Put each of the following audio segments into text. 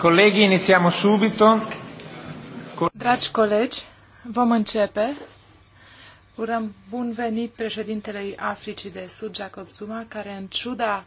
iniziamo subito. Dragi colegi, vom începe. Urăm bun venit președintelui Africii de Sud, Jacob Zuma, care în ciuda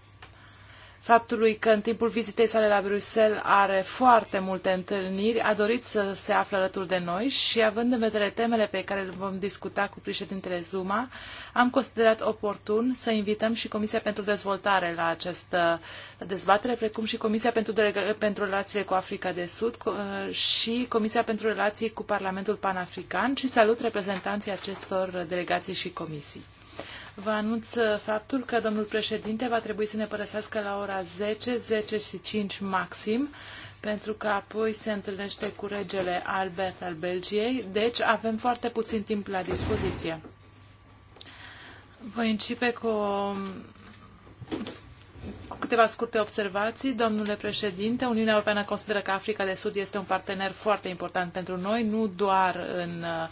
faptului că în timpul vizitei sale la Bruxelles are foarte multe întâlniri, a dorit să se afle alături de noi și având în vedere temele pe care le vom discuta cu președintele Zuma, am considerat oportun să invităm și Comisia pentru Dezvoltare la această dezbatere, precum și Comisia pentru, Delega- pentru Relațiile cu Africa de Sud uh, și Comisia pentru Relații cu Parlamentul Panafrican și salut reprezentanții acestor delegații și comisii. Vă anunț uh, faptul că domnul președinte va trebui să ne părăsească la ora 10, 10 și 5 maxim, pentru că apoi se întâlnește cu regele Albert al Belgiei, deci avem foarte puțin timp la dispoziție. Voi începe cu, o, cu câteva scurte observații. Domnule președinte, Uniunea Europeană consideră că Africa de Sud este un partener foarte important pentru noi, nu doar în uh,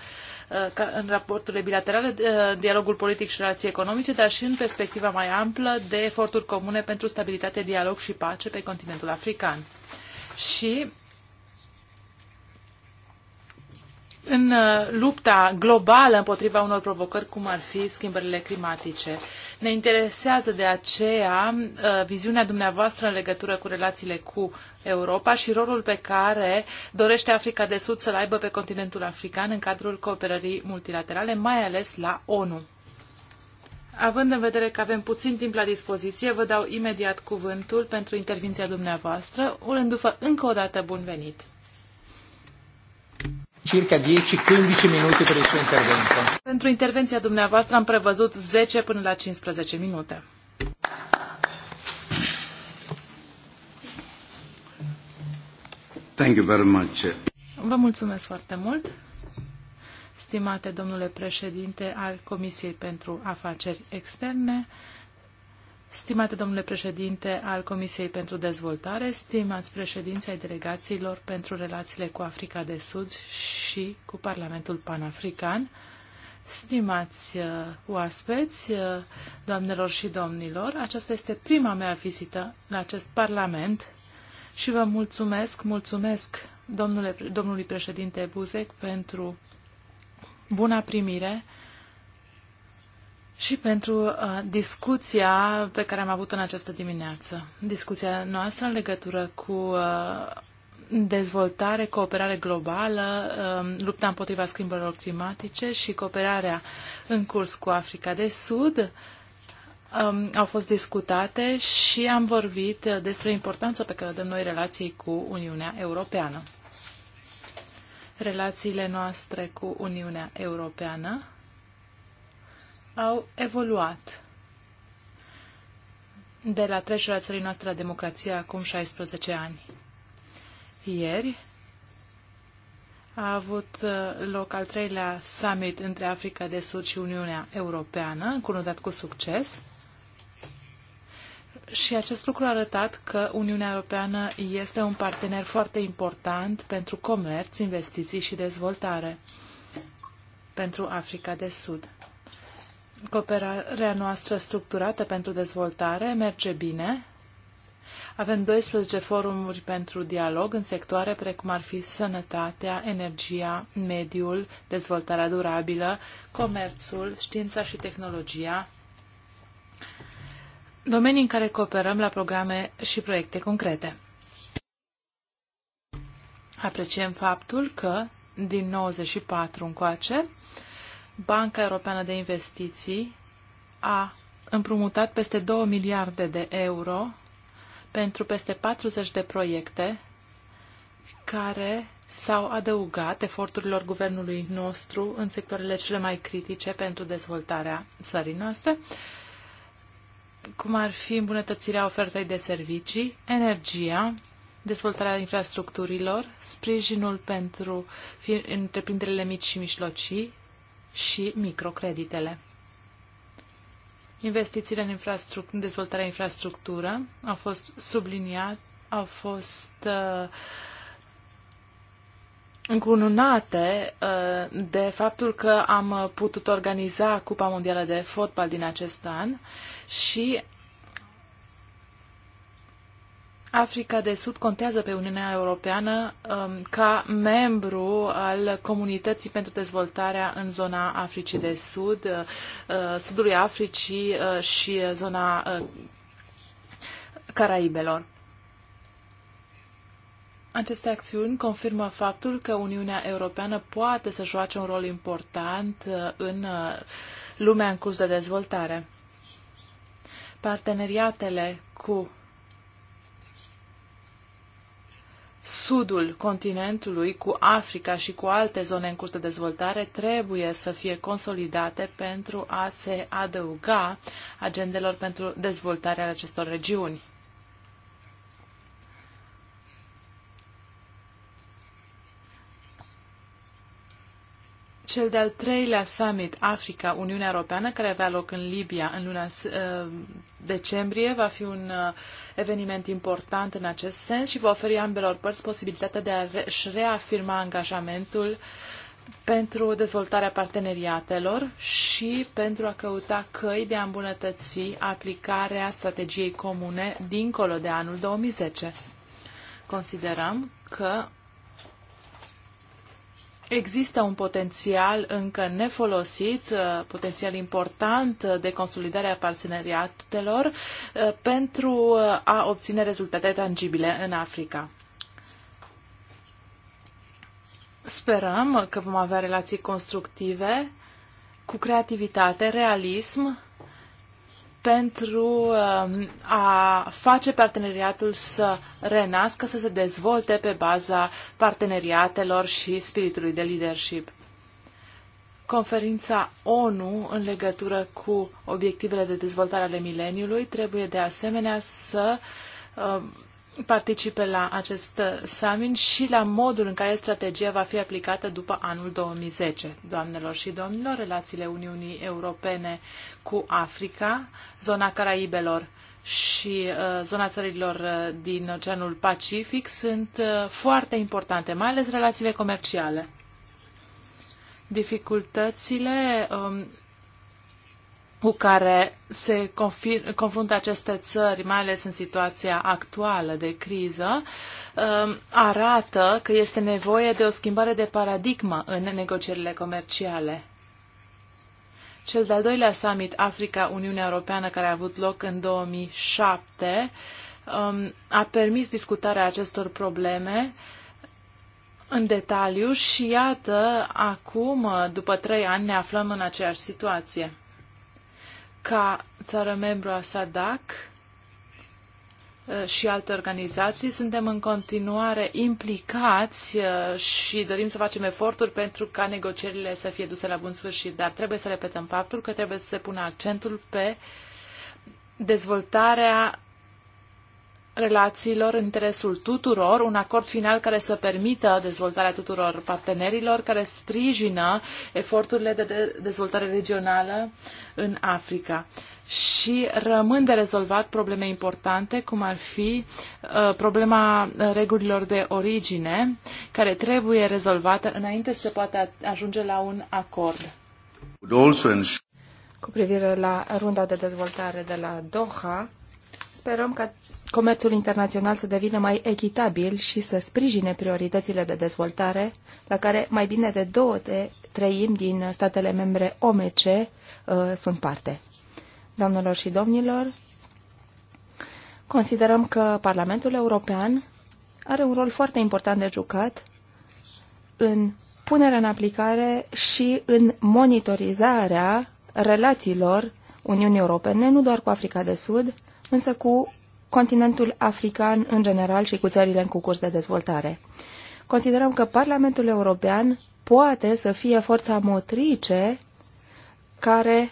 Uh, în raporturile bilaterale, uh, dialogul politic și relații economice, dar și în perspectiva mai amplă de eforturi comune pentru stabilitate, dialog și pace pe continentul african. Și în uh, lupta globală împotriva unor provocări, cum ar fi schimbările climatice. Ne interesează de aceea uh, viziunea dumneavoastră în legătură cu relațiile cu Europa și rolul pe care dorește Africa de Sud să-l aibă pe continentul african în cadrul cooperării multilaterale, mai ales la ONU. Având în vedere că avem puțin timp la dispoziție, vă dau imediat cuvântul pentru intervenția dumneavoastră, urându-vă încă o dată bun venit circa 10-15 minute pentru il suo intervento. Pentru intervenția dumneavoastră am prevăzut 10 până la 15 minute. Thank you very much. Vă mulțumesc foarte mult, stimate domnule președinte al Comisiei pentru Afaceri Externe. Stimate domnule președinte al Comisiei pentru Dezvoltare, stimați președinții ai delegațiilor pentru relațiile cu Africa de Sud și cu Parlamentul Panafrican, stimați uh, oaspeți, uh, doamnelor și domnilor, aceasta este prima mea vizită la acest Parlament și vă mulțumesc, mulțumesc domnule, domnului președinte Buzek pentru buna primire și pentru uh, discuția pe care am avut-o în această dimineață. Discuția noastră în legătură cu uh, dezvoltare, cooperare globală, uh, lupta împotriva schimbărilor climatice și cooperarea în curs cu Africa de Sud um, au fost discutate și am vorbit despre importanța pe care o dăm noi relației cu Uniunea Europeană. Relațiile noastre cu Uniunea Europeană au evoluat de la trecerea țării noastre la democrație acum 16 ani. Ieri a avut uh, loc al treilea summit între Africa de Sud și Uniunea Europeană, încunodat cu succes. Și acest lucru a arătat că Uniunea Europeană este un partener foarte important pentru comerț, investiții și dezvoltare pentru Africa de Sud. Cooperarea noastră structurată pentru dezvoltare merge bine. Avem 12 forumuri pentru dialog în sectoare precum ar fi sănătatea, energia, mediul, dezvoltarea durabilă, comerțul, știința și tehnologia, domenii în care cooperăm la programe și proiecte concrete. Apreciem faptul că din 94 încoace Banca Europeană de Investiții a împrumutat peste 2 miliarde de euro pentru peste 40 de proiecte care s-au adăugat eforturilor guvernului nostru în sectoarele cele mai critice pentru dezvoltarea țării noastre, cum ar fi îmbunătățirea ofertei de servicii, energia, dezvoltarea infrastructurilor, sprijinul pentru întreprinderile mici și mijlocii, și microcreditele. Investițiile în, infrastruct- în dezvoltarea infrastructură au fost subliniate, au fost uh, încununate uh, de faptul că am putut organiza Cupa Mondială de Fotbal din acest an și Africa de Sud contează pe Uniunea Europeană um, ca membru al comunității pentru dezvoltarea în zona Africii de Sud, uh, Sudului Africii uh, și zona uh, Caraibelor. Aceste acțiuni confirmă faptul că Uniunea Europeană poate să joace un rol important uh, în uh, lumea în curs de dezvoltare. Parteneriatele cu sudul continentului cu Africa și cu alte zone în curs de dezvoltare trebuie să fie consolidate pentru a se adăuga agendelor pentru dezvoltarea acestor regiuni. Cel de-al treilea summit Africa-Uniunea Europeană, care avea loc în Libia în luna uh, decembrie, va fi un uh, eveniment important în acest sens și va oferi ambelor părți posibilitatea de a-și reafirma angajamentul pentru dezvoltarea parteneriatelor și pentru a căuta căi de a îmbunătăți aplicarea strategiei comune dincolo de anul 2010. Considerăm că Există un potențial încă nefolosit, uh, potențial important uh, de consolidare a parteneriatelor uh, pentru a obține rezultate tangibile în Africa. Sperăm că vom avea relații constructive, cu creativitate, realism pentru um, a face parteneriatul să renască, să se dezvolte pe baza parteneriatelor și spiritului de leadership. Conferința ONU în legătură cu obiectivele de dezvoltare ale mileniului trebuie de asemenea să um, participe la acest uh, summit și la modul în care strategia va fi aplicată după anul 2010. Doamnelor și domnilor, relațiile Uniunii Europene cu Africa, zona Caraibelor și uh, zona țărilor uh, din Oceanul Pacific sunt uh, foarte importante, mai ales relațiile comerciale. Dificultățile um, cu care se confruntă aceste țări, mai ales în situația actuală de criză, um, arată că este nevoie de o schimbare de paradigmă în negocierile comerciale. Cel de-al doilea summit Africa-Uniunea Europeană, care a avut loc în 2007, um, a permis discutarea acestor probleme în detaliu și iată, acum, după trei ani, ne aflăm în aceeași situație ca țară membru a SADAC uh, și alte organizații, suntem în continuare implicați uh, și dorim să facem eforturi pentru ca negocierile să fie duse la bun sfârșit. Dar trebuie să repetăm faptul că trebuie să se pună accentul pe dezvoltarea relațiilor, în interesul tuturor, un acord final care să permită dezvoltarea tuturor partenerilor, care sprijină eforturile de dezvoltare regională în Africa. Și rămân de rezolvat probleme importante, cum ar fi uh, problema uh, regulilor de origine, care trebuie rezolvată înainte să poată ajunge la un acord. Cu privire la runda de dezvoltare de la Doha, sperăm că comerțul internațional să devină mai echitabil și să sprijine prioritățile de dezvoltare, la care mai bine de două de treimi din statele membre OMC uh, sunt parte. Doamnelor și domnilor, considerăm că Parlamentul European are un rol foarte important de jucat în punerea în aplicare și în monitorizarea relațiilor Uniunii Europene, nu doar cu Africa de Sud, însă cu continentul african în general și cu țările în curs de dezvoltare. Considerăm că Parlamentul European poate să fie forța motrice care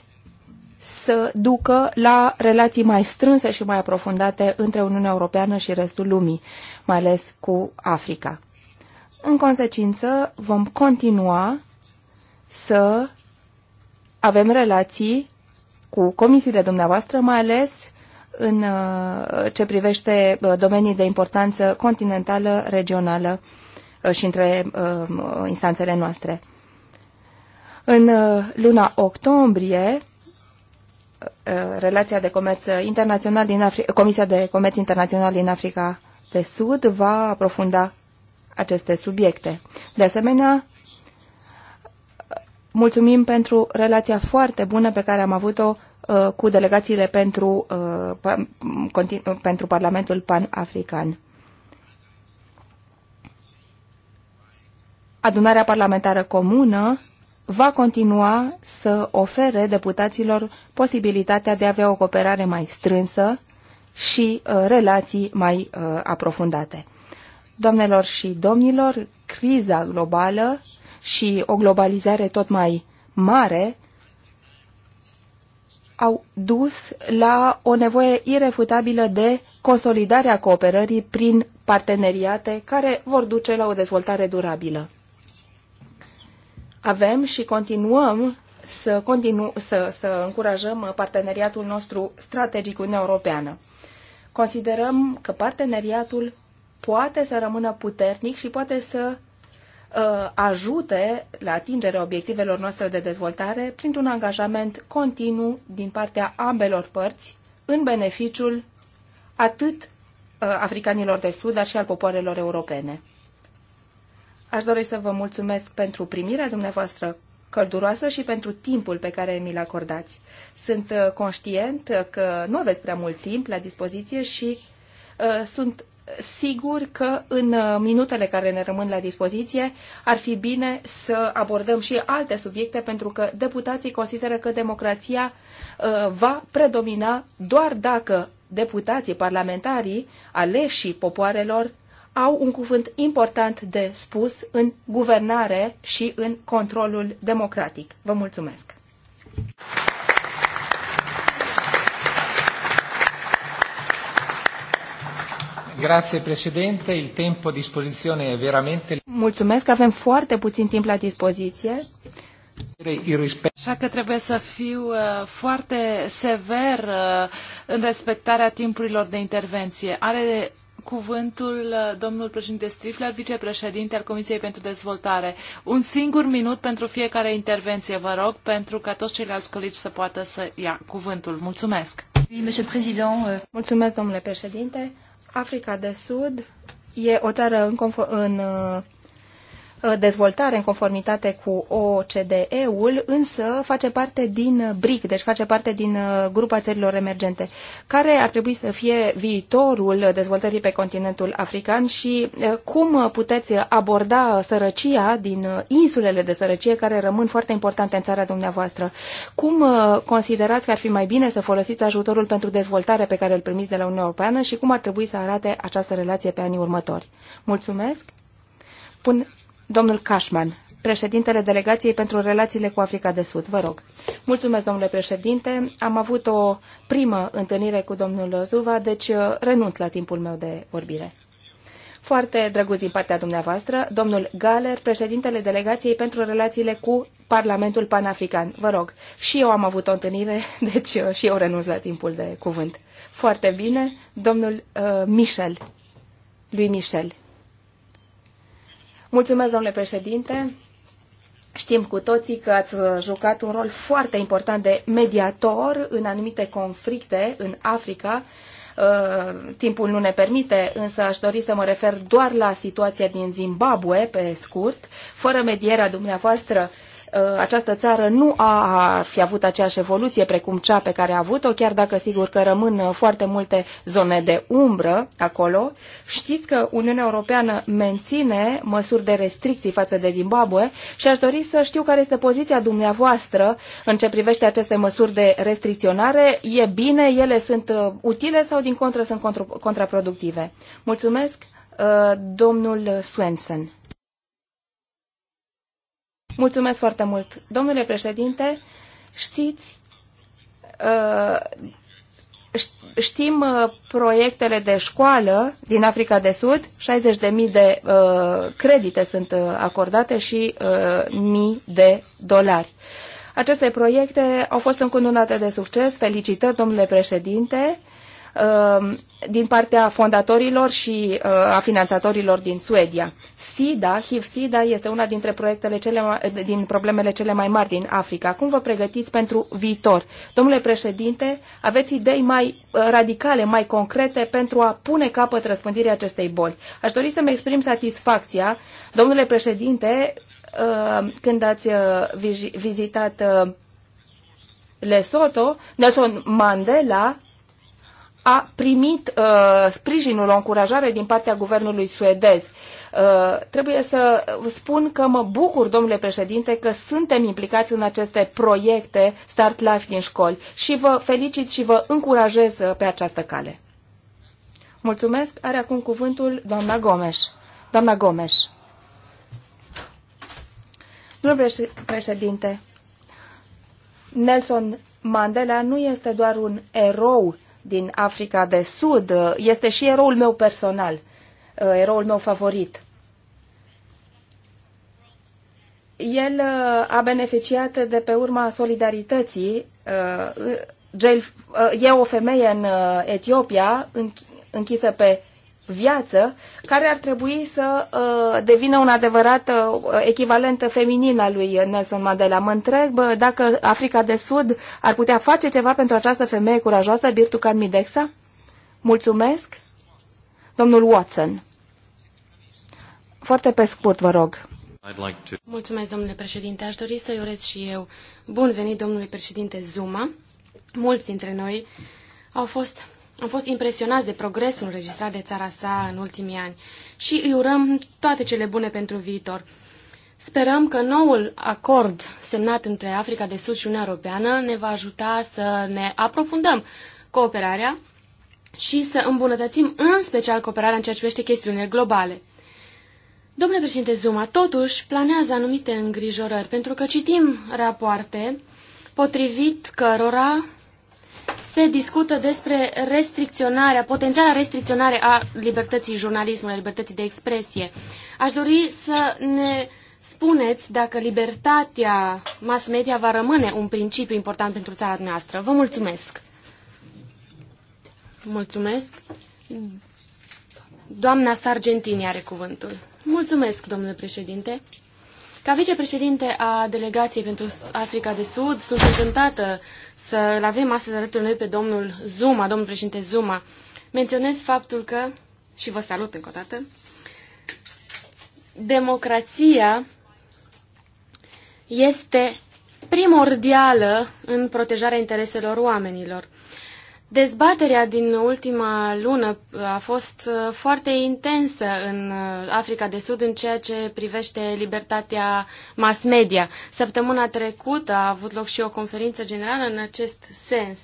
să ducă la relații mai strânse și mai aprofundate între Uniunea Europeană și restul lumii, mai ales cu Africa. În consecință, vom continua să avem relații cu comisiile dumneavoastră, mai ales în uh, ce privește uh, domenii de importanță continentală, regională uh, și între instanțele noastre. În luna octombrie, relația de comerț internațional din Afri- Comisia de Comerț Internațional din Africa de Sud va aprofunda aceste subiecte. De asemenea, mulțumim pentru relația foarte bună pe care am avut-o Uh, cu delegațiile pentru, uh, pentru Parlamentul Pan-African. Adunarea parlamentară comună va continua să ofere deputaților posibilitatea de a avea o cooperare mai strânsă și uh, relații mai aprofundate. Doamnelor și domnilor, criza globală și o globalizare tot mai mare au dus la o nevoie irefutabilă de consolidare a cooperării prin parteneriate care vor duce la o dezvoltare durabilă. Avem și continuăm să, continu- să, să încurajăm parteneriatul nostru strategic cu Uniunea Europeană. Considerăm că parteneriatul poate să rămână puternic și poate să Uh, ajute la atingerea obiectivelor noastre de dezvoltare printr-un angajament continuu din partea ambelor părți în beneficiul atât uh, africanilor de sud, dar și al popoarelor europene. Aș dori să vă mulțumesc pentru primirea dumneavoastră călduroasă și pentru timpul pe care mi-l acordați. Sunt uh, conștient că nu aveți prea mult timp la dispoziție și uh, sunt sigur că în uh, minutele care ne rămân la dispoziție ar fi bine să abordăm și alte subiecte pentru că deputații consideră că democrația uh, va predomina doar dacă deputații parlamentarii aleșii popoarelor au un cuvânt important de spus în guvernare și în controlul democratic. Vă mulțumesc! Grazie Presidente, il tempo a disposizione è veramente... Mulțumesc, avem foarte puțin timp la dispoziție. Așa că trebuie să fiu uh, foarte sever uh, în respectarea timpurilor de intervenție. Are cuvântul uh, domnul președinte Strifler, vicepreședinte al Comisiei pentru Dezvoltare. Un singur minut pentru fiecare intervenție, vă rog, pentru ca toți ceilalți colegi să poată să ia cuvântul. Mulțumesc! Euh, Mulțumesc, domnule președinte. Africa de Sud e o țară în, în uh, Uh, dezvoltare în conformitate cu OCDE-ul, însă face parte din BRIC, deci face parte din uh, grupa țărilor emergente. Care ar trebui să fie viitorul dezvoltării pe continentul african și uh, cum puteți aborda sărăcia din insulele de sărăcie care rămân foarte importante în țara dumneavoastră? Cum considerați că ar fi mai bine să folosiți ajutorul pentru dezvoltare pe care îl primiți de la Uniunea Europeană și cum ar trebui să arate această relație pe anii următori? Mulțumesc! Pun Domnul Cashman, președintele Delegației pentru Relațiile cu Africa de Sud. Vă rog. Mulțumesc, domnule președinte. Am avut o primă întâlnire cu domnul Zuva, deci uh, renunț la timpul meu de vorbire. Foarte drăguț din partea dumneavoastră, domnul Galer, președintele Delegației pentru Relațiile cu Parlamentul Panafrican. Vă rog, și eu am avut o întâlnire, deci uh, și eu renunț la timpul de cuvânt. Foarte bine, domnul uh, Michel, lui Michel. Mulțumesc, domnule președinte. Știm cu toții că ați jucat un rol foarte important de mediator în anumite conflicte în Africa. Uh, timpul nu ne permite, însă aș dori să mă refer doar la situația din Zimbabwe, pe scurt. Fără medierea dumneavoastră, Uh, această țară nu a fi avut aceeași evoluție precum cea pe care a avut-o, chiar dacă sigur că rămân uh, foarte multe zone de umbră acolo. Știți că Uniunea Europeană menține măsuri de restricții față de Zimbabwe și aș dori să știu care este poziția dumneavoastră în ce privește aceste măsuri de restricționare. E bine, ele sunt uh, utile sau din contră sunt contraproductive? Mulțumesc, domnul Swenson. Mulțumesc foarte mult. Domnule președinte, știți, uh, știm uh, proiectele de școală din Africa de Sud, 60.000 de uh, credite sunt acordate și mii de dolari. Aceste proiecte au fost încununate de succes. Felicitări, domnule președinte. Um, din partea fondatorilor și uh, a finanțatorilor din Suedia. SIDA, HIV-SIDA este una dintre proiectele cele mai, din problemele cele mai mari din Africa. Cum vă pregătiți pentru viitor? Domnule președinte, aveți idei mai uh, radicale, mai concrete pentru a pune capăt răspândirii acestei boli. Aș dori să-mi exprim satisfacția, domnule președinte, uh, când ați vizitat Lesotho, Nelson Mandela a primit uh, sprijinul, o încurajare din partea guvernului suedez. Uh, trebuie să spun că mă bucur, domnule președinte, că suntem implicați în aceste proiecte Start Life din școli și vă felicit și vă încurajez uh, pe această cale. Mulțumesc. Are acum cuvântul doamna Gomes. Doamna Gomes. Domnule președinte, Nelson Mandela nu este doar un erou din Africa de Sud uh, este și eroul meu personal, uh, eroul meu favorit. El uh, a beneficiat de pe urma solidarității. E o femeie în Etiopia închisă pe viață, care ar trebui să uh, devină un adevărat uh, echivalent feminin al lui Nelson Mandela. Mă întreb uh, dacă Africa de Sud ar putea face ceva pentru această femeie curajoasă, Birtu Midexa? Mulțumesc. Domnul Watson. Foarte pe scurt, vă rog. Mulțumesc, domnule președinte. Aș dori să-i urez și eu bun venit domnului președinte Zuma. Mulți dintre noi au fost am fost impresionați de progresul înregistrat de țara sa în ultimii ani și îi urăm toate cele bune pentru viitor. Sperăm că noul acord semnat între Africa de Sud și Uniunea Europeană ne va ajuta să ne aprofundăm cooperarea și să îmbunătățim în special cooperarea în ceea ce privește chestiunile globale. Domnule președinte Zuma, totuși planează anumite îngrijorări, pentru că citim rapoarte potrivit cărora se discută despre restricționarea, potențiala restricționare a libertății jurnalismului, a libertății de expresie. Aș dori să ne spuneți dacă libertatea mass media va rămâne un principiu important pentru țara noastră. Vă mulțumesc! Mulțumesc! Doamna Sargentini are cuvântul. Mulțumesc, domnule președinte! Ca vicepreședinte a delegației pentru Africa de Sud, sunt încântată să-l avem astăzi alături noi pe domnul Zuma, domnul președinte Zuma. Menționez faptul că, și vă salut încă o dată, democrația este primordială în protejarea intereselor oamenilor. Dezbaterea din ultima lună a fost uh, foarte intensă în uh, Africa de Sud în ceea ce privește libertatea mass media. Săptămâna trecută a avut loc și o conferință generală în acest sens.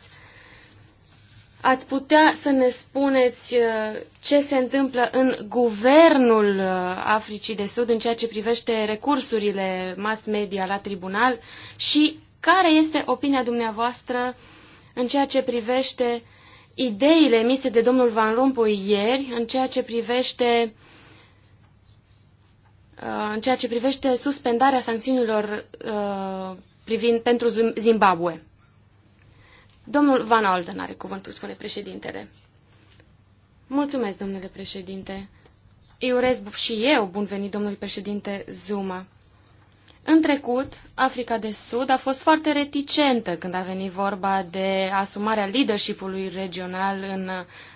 Ați putea să ne spuneți uh, ce se întâmplă în guvernul Africii de Sud în ceea ce privește recursurile mass media la tribunal și care este opinia dumneavoastră în ceea ce privește ideile emise de domnul Van Rompuy ieri, în ceea ce privește uh, în ceea ce privește suspendarea sancțiunilor uh, privind pentru Zimbabwe. Domnul Van Alden are cuvântul, spune președintele. Mulțumesc, domnule președinte. Îi urez și eu bun venit, domnul președinte Zuma. În trecut, Africa de Sud a fost foarte reticentă când a venit vorba de asumarea leadership-ului regional în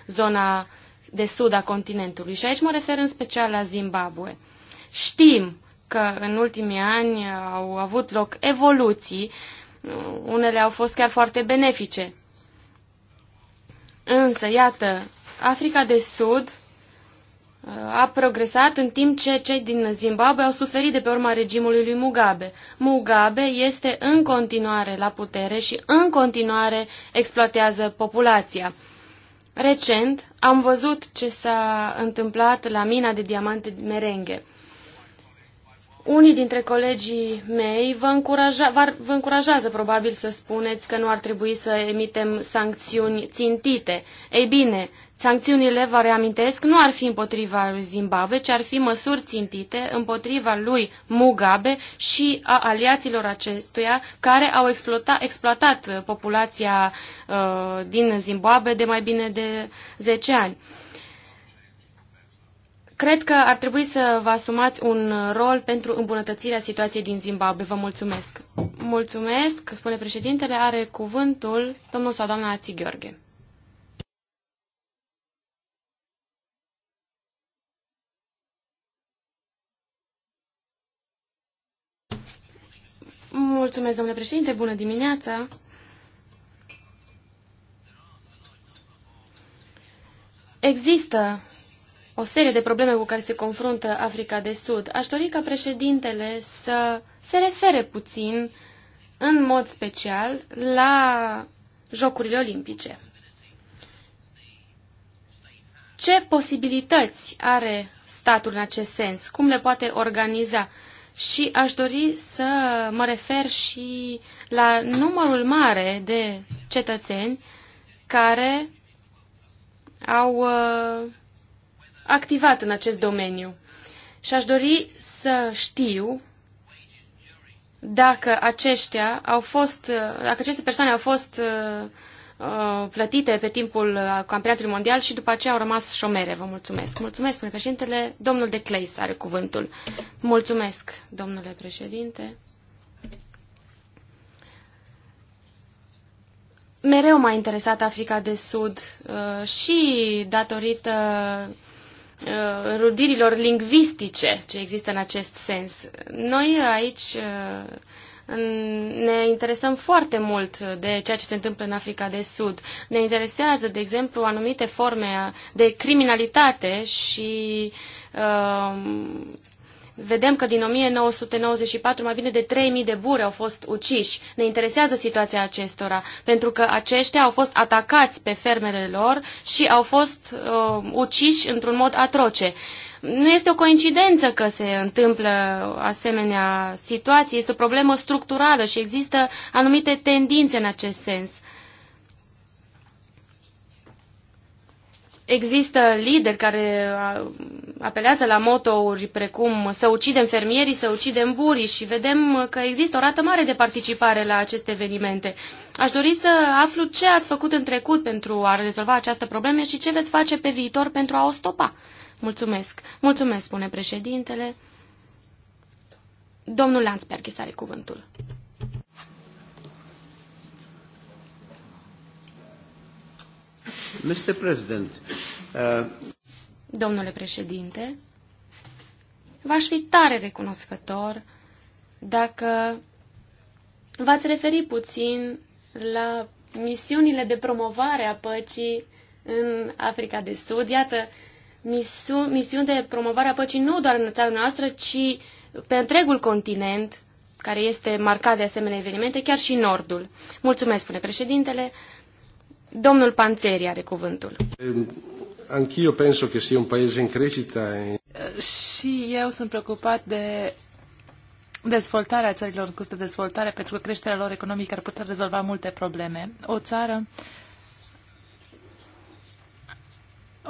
zona de sud a continentului. Și aici mă refer în special la Zimbabwe. Știm că în ultimii ani au avut loc evoluții, unele au fost chiar foarte benefice. Însă, iată, Africa de Sud a progresat în timp ce cei din Zimbabwe au suferit de pe urma regimului lui Mugabe. Mugabe este în continuare la putere și în continuare exploatează populația. Recent am văzut ce s-a întâmplat la mina de diamante merenghe. Unii dintre colegii mei vă, încuraja, vă încurajează probabil să spuneți că nu ar trebui să emitem sancțiuni țintite. Ei bine, Sancțiunile, vă reamintesc, nu ar fi împotriva lui Zimbabwe, ci ar fi măsuri țintite împotriva lui Mugabe și a aliaților acestuia care au exploata, exploatat uh, populația uh, din Zimbabwe de mai bine de 10 ani. Cred că ar trebui să vă asumați un rol pentru îmbunătățirea situației din Zimbabwe. Vă mulțumesc. Mulțumesc, spune președintele, are cuvântul domnul sau doamna Ați Gheorghe. Mulțumesc, domnule președinte. Bună dimineața. Există o serie de probleme cu care se confruntă Africa de Sud. Aș dori ca președintele să se refere puțin, în mod special, la Jocurile Olimpice. Ce posibilități are statul în acest sens? Cum le poate organiza? și aș dori să mă refer și la numărul mare de cetățeni care au uh, activat în acest domeniu. Și aș dori să știu dacă aceștia au fost, uh, dacă aceste persoane au fost uh, Uh, plătite pe timpul uh, campionatului mondial și după aceea au rămas șomere. Vă mulțumesc. Mulțumesc, domnule președintele. Domnul de Cleis are cuvântul. Mulțumesc, domnule președinte. Mereu m-a interesat Africa de Sud uh, și datorită rudirilor lingvistice ce există în acest sens. Noi aici ne interesăm foarte mult de ceea ce se întâmplă în Africa de Sud. Ne interesează, de exemplu, anumite forme de criminalitate și uh, vedem că din 1994 mai bine de 3000 de buri au fost uciși. Ne interesează situația acestora, pentru că aceștia au fost atacați pe fermele lor și au fost uh, uciși într-un mod atroce. Nu este o coincidență că se întâmplă asemenea situații, este o problemă structurală și există anumite tendințe în acest sens. Există lideri care apelează la motouri precum să ucidem fermierii, să ucidem burii și vedem că există o rată mare de participare la aceste evenimente. Aș dori să aflu ce ați făcut în trecut pentru a rezolva această problemă și ce veți face pe viitor pentru a o stopa. Mulțumesc. Mulțumesc, spune președintele. Domnul Landsbergis are cuvântul. Mr. President, uh... Domnule președinte, v-aș fi tare recunoscător dacă v-ați referi puțin la misiunile de promovare a păcii în Africa de Sud. Iată, misiuni, misiuni de promovare a păcii nu doar în țara noastră, ci pe întregul continent, care este marcat de asemenea evenimente, chiar și Nordul. Mulțumesc, spune președintele. Domnul Panțeri are cuvântul. Ehm, anch'io penso che sia un paese in crescita. Și eu sunt preocupat de dezvoltarea țărilor în curs de dezvoltare, pentru că creșterea lor economică ar putea rezolva multe probleme. O țară uh,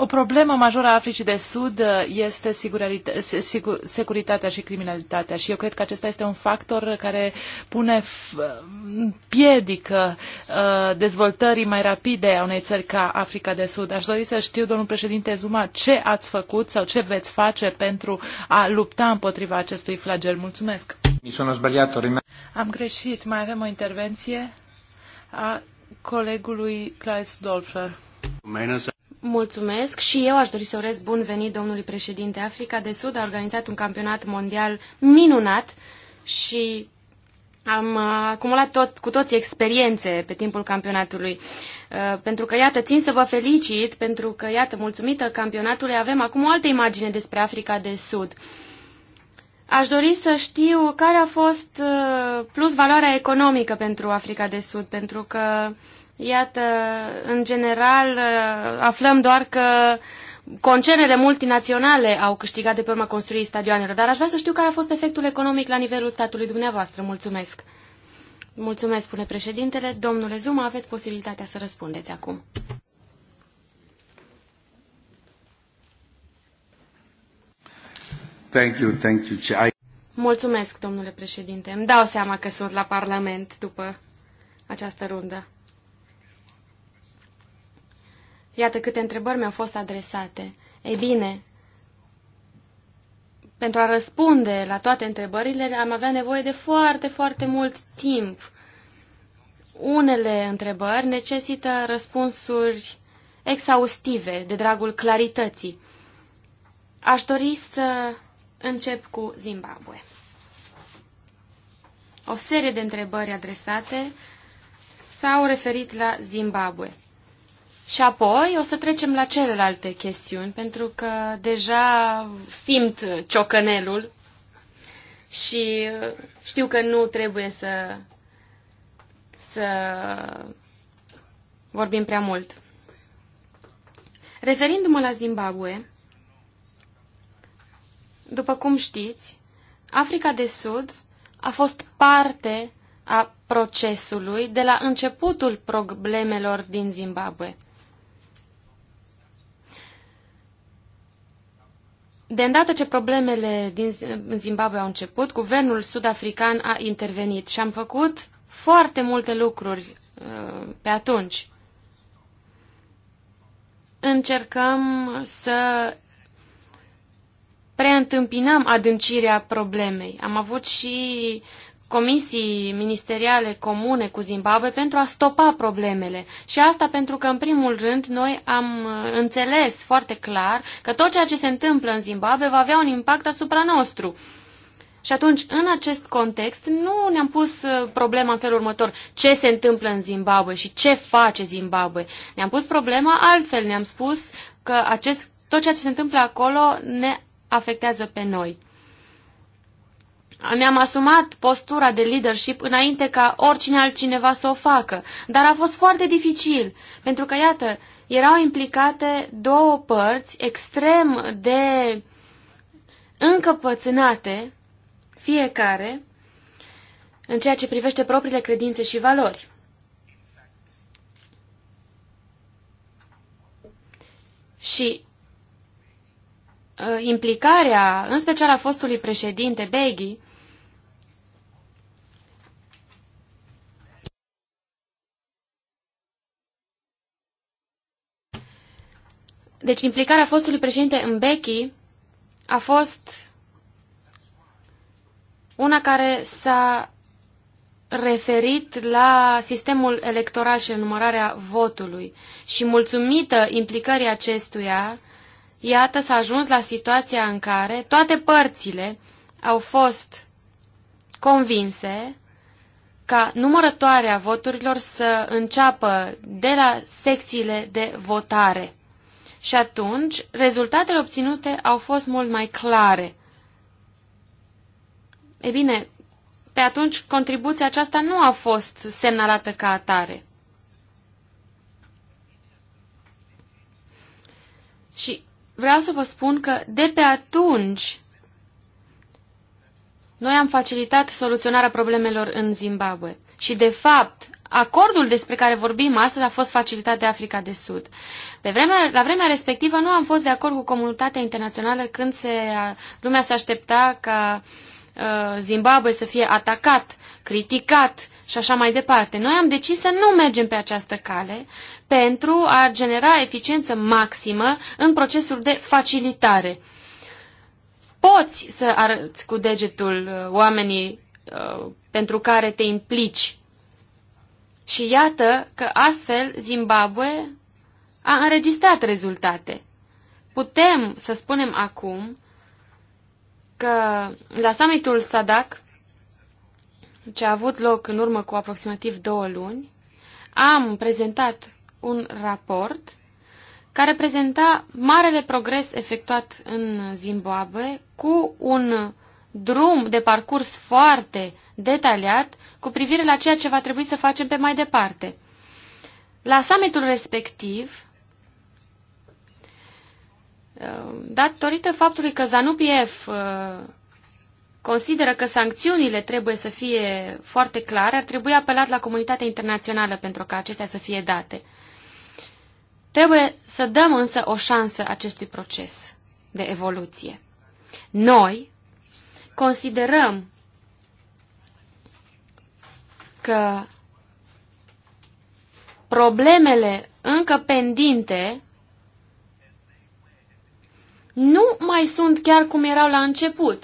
O problemă majoră a Africii de Sud uh, este securitatea și criminalitatea și eu cred că acesta este un factor care pune uh, piedică uh, dezvoltării mai rapide a unei țări ca Africa de Sud. Aș dori să știu, domnul președinte Zuma, ce ați făcut sau ce veți face pentru a lupta împotriva acestui flagel. Mulțumesc! Mi Am greșit, mai avem o intervenție a colegului Klaus Dolfer. Mulțumesc și eu aș dori să urez bun venit domnului președinte. Africa de Sud a organizat un campionat mondial minunat și am uh, acumulat tot, cu toți experiențe pe timpul campionatului. Uh, pentru că, iată, țin să vă felicit, pentru că, iată, mulțumită campionatului, avem acum o altă imagine despre Africa de Sud. Aș dori să știu care a fost uh, plus valoarea economică pentru Africa de Sud, pentru că Iată, în general, uh, aflăm doar că concernele multinaționale au câștigat de pe urma construirii stadioanelor, dar aș vrea să știu care a fost efectul economic la nivelul statului dumneavoastră. Mulțumesc. Mulțumesc, spune președintele. Domnule Zuma, aveți posibilitatea să răspundeți acum. Thank you, thank you. I... Mulțumesc, domnule președinte. Îmi dau seama că sunt la Parlament după această rundă. Iată câte întrebări mi-au fost adresate. Ei bine, pentru a răspunde la toate întrebările am avea nevoie de foarte, foarte mult timp. Unele întrebări necesită răspunsuri exhaustive, de dragul clarității. Aș dori să încep cu Zimbabwe. O serie de întrebări adresate s-au referit la Zimbabwe. Și apoi o să trecem la celelalte chestiuni, pentru că deja simt ciocănelul și uh, știu că nu trebuie să, să vorbim prea mult. Referindu-mă la Zimbabwe, după cum știți, Africa de Sud a fost parte a procesului de la începutul problemelor din Zimbabwe. De îndată ce problemele din Zimbabwe au început, guvernul sud-african a intervenit și am făcut foarte multe lucruri uh, pe atunci. Încercăm să preîntâmpinăm adâncirea problemei. Am avut și comisii ministeriale comune cu Zimbabwe pentru a stopa problemele. Și asta pentru că, în primul rând, noi am uh, înțeles foarte clar că tot ceea ce se întâmplă în Zimbabwe va avea un impact asupra nostru. Și atunci, în acest context, nu ne-am pus uh, problema în felul următor, ce se întâmplă în Zimbabwe și ce face Zimbabwe. Ne-am pus problema altfel, ne-am spus că acest, tot ceea ce se întâmplă acolo ne afectează pe noi. Ne-am asumat postura de leadership înainte ca oricine altcineva să o facă, dar a fost foarte dificil, pentru că, iată, erau implicate două părți extrem de încăpățânate, fiecare, în ceea ce privește propriile credințe și valori. Și uh, implicarea, în special a fostului președinte Beghi, Deci implicarea fostului președinte în Becky a fost una care s-a referit la sistemul electoral și numărarea votului. Și mulțumită implicării acestuia, iată s-a ajuns la situația în care toate părțile au fost convinse ca numărătoarea voturilor să înceapă de la secțiile de votare și atunci rezultatele obținute au fost mult mai clare. E bine, pe atunci contribuția aceasta nu a fost semnalată ca atare. Și vreau să vă spun că de pe atunci noi am facilitat soluționarea problemelor în Zimbabwe. Și de fapt, Acordul despre care vorbim astăzi a fost facilitat de Africa de Sud. Pe vremea, la vremea respectivă nu am fost de acord cu comunitatea internațională când se, lumea se aștepta ca uh, Zimbabwe să fie atacat, criticat și așa mai departe. Noi am decis să nu mergem pe această cale pentru a genera eficiență maximă în procesul de facilitare. Poți să arăți cu degetul uh, oamenii uh, pentru care te implici și iată că astfel Zimbabwe a înregistrat rezultate. Putem să spunem acum că la summitul SADAC, ce a avut loc în urmă cu aproximativ două luni, am prezentat un raport care prezenta marele progres efectuat în Zimbabwe cu un drum de parcurs foarte detaliat cu privire la ceea ce va trebui să facem pe mai departe. La summitul respectiv, uh, datorită faptului că Zanupiev uh, consideră că sancțiunile trebuie să fie foarte clare, ar trebui apelat la comunitatea internațională pentru ca acestea să fie date. Trebuie să dăm însă o șansă acestui proces de evoluție. Noi considerăm că problemele încă pendinte nu mai sunt chiar cum erau la început.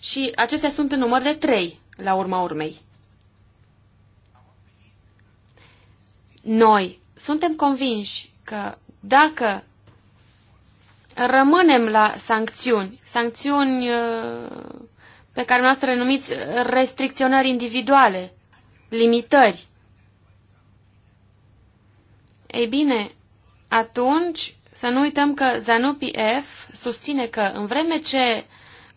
Și acestea sunt în număr de trei, la urma urmei. Noi suntem convinși că dacă rămânem la sancțiuni, sancțiuni uh, pe care noastră le numiți restricționări individuale, limitări. Ei bine, atunci să nu uităm că Zanupi F susține că în vreme ce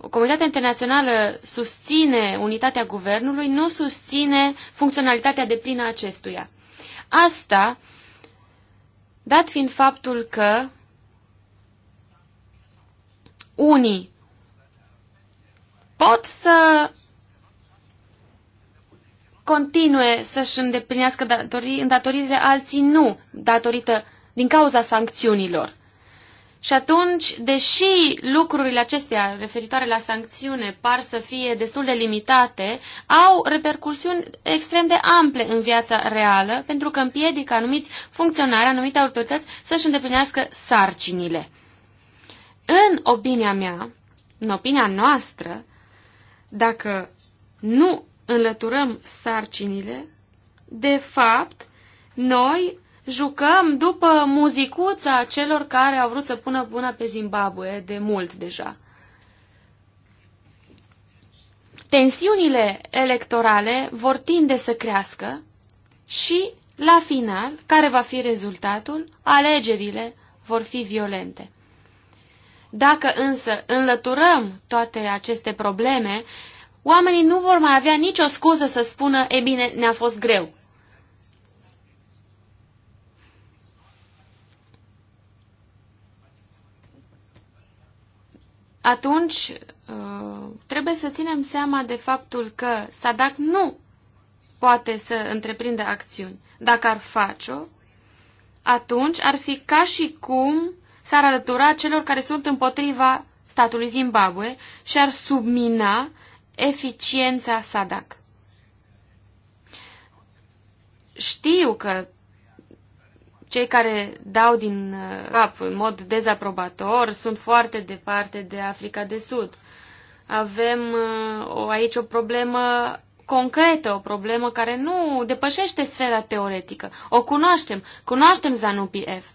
comunitatea internațională susține unitatea guvernului, nu susține funcționalitatea de plină acestuia. Asta, dat fiind faptul că unii pot să continue să-și îndeplinească datorii, îndatoririle, alții nu, datorită din cauza sancțiunilor. Și atunci, deși lucrurile acestea referitoare la sancțiune par să fie destul de limitate, au repercursiuni extrem de ample în viața reală, pentru că împiedică anumiți funcționari, anumite autorități să-și îndeplinească sarcinile. În opinia mea, în opinia noastră, dacă nu înlăturăm sarcinile, de fapt, noi jucăm după muzicuța celor care au vrut să pună buna pe Zimbabwe de mult deja. Tensiunile electorale vor tinde să crească și, la final, care va fi rezultatul, alegerile vor fi violente. Dacă însă înlăturăm toate aceste probleme, oamenii nu vor mai avea nicio scuză să spună, e bine, ne-a fost greu. Atunci, uh, trebuie să ținem seama de faptul că Sadac nu poate să întreprindă acțiuni. Dacă ar face-o, atunci ar fi ca și cum s-ar alătura celor care sunt împotriva statului Zimbabwe și ar submina eficiența SADAC. Știu că cei care dau din uh, cap în mod dezaprobator sunt foarte departe de Africa de Sud. Avem uh, aici o problemă concretă, o problemă care nu depășește sfera teoretică. O cunoaștem, cunoaștem Zanupi F.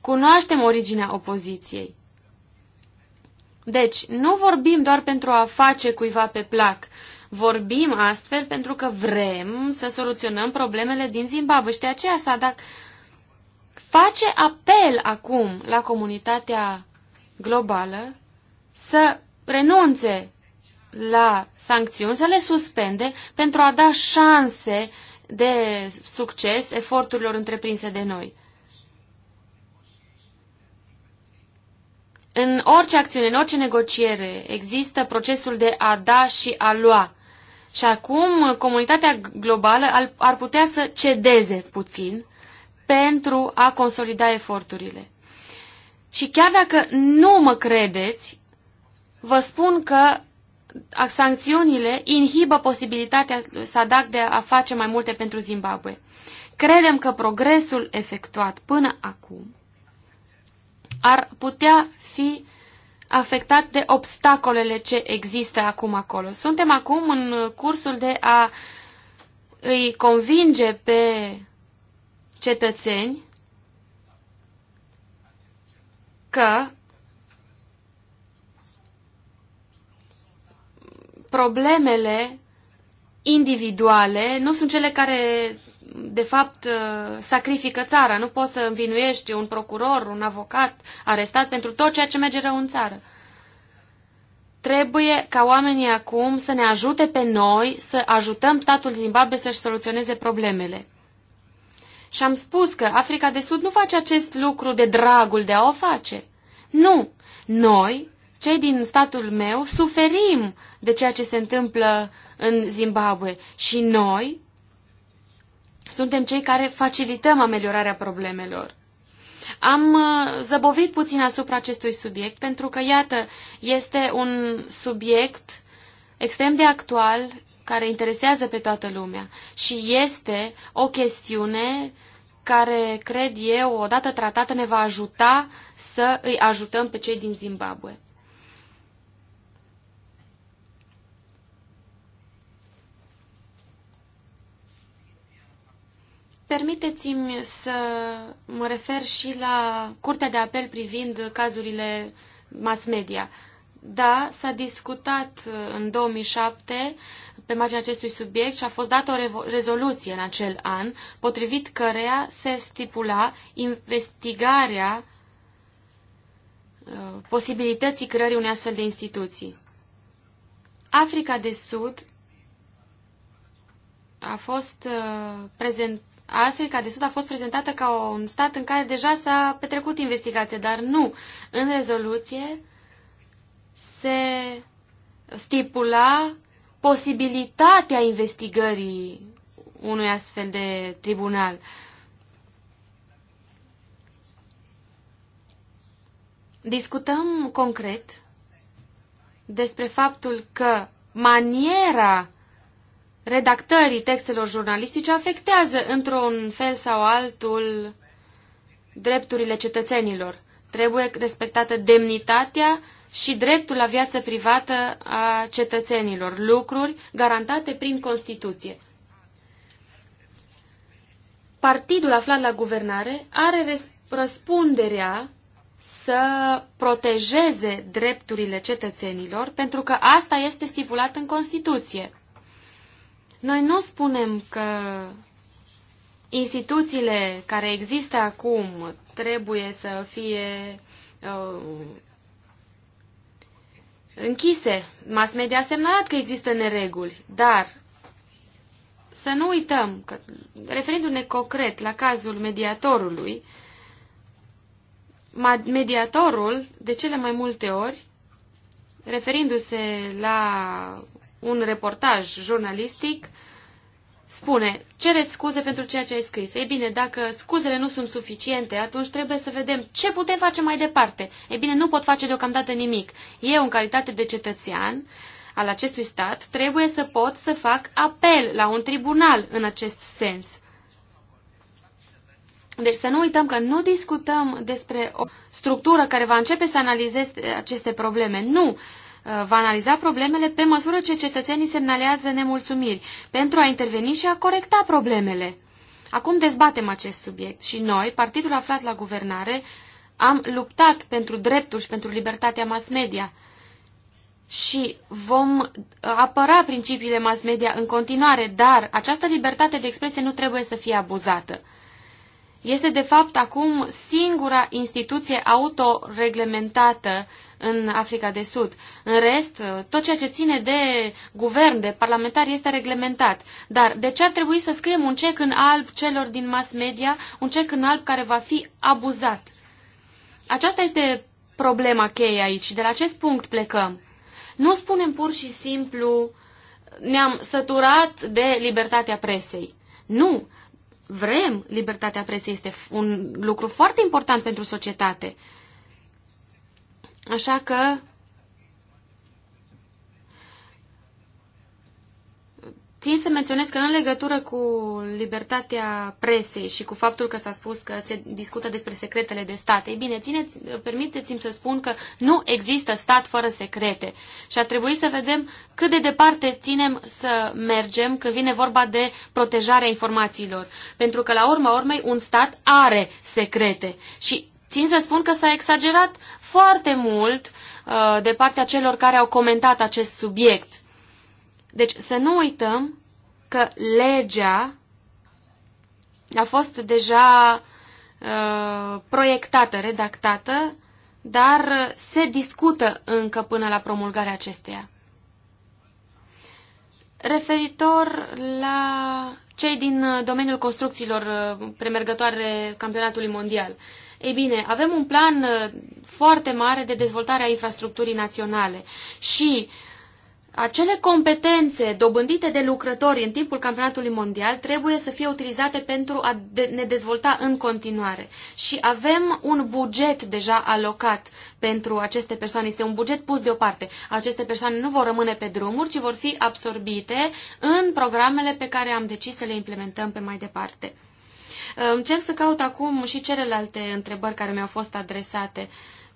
Cunoaștem originea opoziției. Deci, nu vorbim doar pentru a face cuiva pe plac. Vorbim astfel pentru că vrem să soluționăm problemele din Zimbabwe și de aceea s-a dat... Face apel acum la comunitatea globală să renunțe la sancțiuni, să le suspende pentru a da șanse de succes eforturilor întreprinse de noi. În orice acțiune, în orice negociere, există procesul de a da și a lua. Și acum comunitatea globală ar putea să cedeze puțin pentru a consolida eforturile. Și chiar dacă nu mă credeți, vă spun că sancțiunile inhibă posibilitatea SADAC de a face mai multe pentru Zimbabwe. Credem că progresul efectuat până acum ar putea fi afectat de obstacolele ce există acum acolo. Suntem acum în cursul de a îi convinge pe cetățeni că problemele individuale nu sunt cele care de fapt, uh, sacrifică țara. Nu poți să învinuiești un procuror, un avocat arestat pentru tot ceea ce merge rău în țară. Trebuie ca oamenii acum să ne ajute pe noi să ajutăm statul Zimbabwe să-și soluționeze problemele. Și am spus că Africa de Sud nu face acest lucru de dragul de a o face. Nu! Noi, cei din statul meu, suferim de ceea ce se întâmplă în Zimbabwe și noi suntem cei care facilităm ameliorarea problemelor. Am uh, zăbovit puțin asupra acestui subiect pentru că, iată, este un subiect extrem de actual care interesează pe toată lumea și este o chestiune care, cred eu, odată tratată ne va ajuta să îi ajutăm pe cei din Zimbabwe. Permiteți-mi să mă refer și la Curtea de Apel privind cazurile mass media. Da, s-a discutat uh, în 2007 pe marginea acestui subiect și a fost dată o rezoluție în acel an, potrivit căreia se stipula investigarea uh, posibilității creării unei astfel de instituții. Africa de Sud a fost uh, prezent Africa de Sud a fost prezentată ca un stat în care deja s-a petrecut investigație, dar nu. În rezoluție se stipula posibilitatea investigării unui astfel de tribunal. Discutăm concret despre faptul că maniera redactării textelor jurnalistice afectează într-un fel sau altul drepturile cetățenilor. Trebuie respectată demnitatea și dreptul la viață privată a cetățenilor, lucruri garantate prin Constituție. Partidul aflat la guvernare are răspunderea să protejeze drepturile cetățenilor, pentru că asta este stipulat în Constituție. Noi nu spunem că instituțiile care există acum trebuie să fie uh, închise. Mass media a semnalat că există nereguli, dar să nu uităm că, referindu-ne concret la cazul mediatorului, mediatorul, de cele mai multe ori, referindu-se la un reportaj jurnalistic spune, cereți scuze pentru ceea ce ai scris. Ei bine, dacă scuzele nu sunt suficiente, atunci trebuie să vedem ce putem face mai departe. Ei bine, nu pot face deocamdată nimic. Eu, în calitate de cetățean al acestui stat, trebuie să pot să fac apel la un tribunal în acest sens. Deci să nu uităm că nu discutăm despre o structură care va începe să analizeze aceste probleme. Nu! Uh, va analiza problemele pe măsură ce cetățenii semnalează nemulțumiri, pentru a interveni și a corecta problemele. Acum dezbatem acest subiect și noi, partidul aflat la guvernare, am luptat pentru drepturi și pentru libertatea mass media și vom uh, apăra principiile mass media în continuare, dar această libertate de expresie nu trebuie să fie abuzată. Este de fapt acum singura instituție autoreglementată în Africa de Sud. În rest, tot ceea ce ține de guvern, de parlamentari, este reglementat. Dar de ce ar trebui să scriem un cec în alb celor din mass media, un cec în alb care va fi abuzat? Aceasta este problema cheie aici. De la acest punct plecăm. Nu spunem pur și simplu ne-am săturat de libertatea presei. Nu! Vrem libertatea presei, este un lucru foarte important pentru societate. Așa că Țin să menționez că în legătură cu libertatea presei și cu faptul că s-a spus că se discută despre secretele de stat, ei bine, țineți, permiteți-mi să spun că nu există stat fără secrete și ar trebui să vedem cât de departe ținem să mergem când vine vorba de protejarea informațiilor. Pentru că, la urma urmei, un stat are secrete și țin să spun că s-a exagerat foarte mult uh, de partea celor care au comentat acest subiect. Deci să nu uităm că legea a fost deja uh, proiectată, redactată, dar se discută încă până la promulgarea acesteia. Referitor la cei din domeniul construcțiilor uh, premergătoare campionatului mondial. Ei bine, avem un plan uh, foarte mare de dezvoltare a infrastructurii naționale și acele competențe dobândite de lucrători în timpul campionatului mondial trebuie să fie utilizate pentru a ne dezvolta în continuare. Și avem un buget deja alocat pentru aceste persoane. Este un buget pus deoparte. Aceste persoane nu vor rămâne pe drumuri, ci vor fi absorbite în programele pe care am decis să le implementăm pe mai departe. Încerc să caut acum și celelalte întrebări care mi-au fost adresate,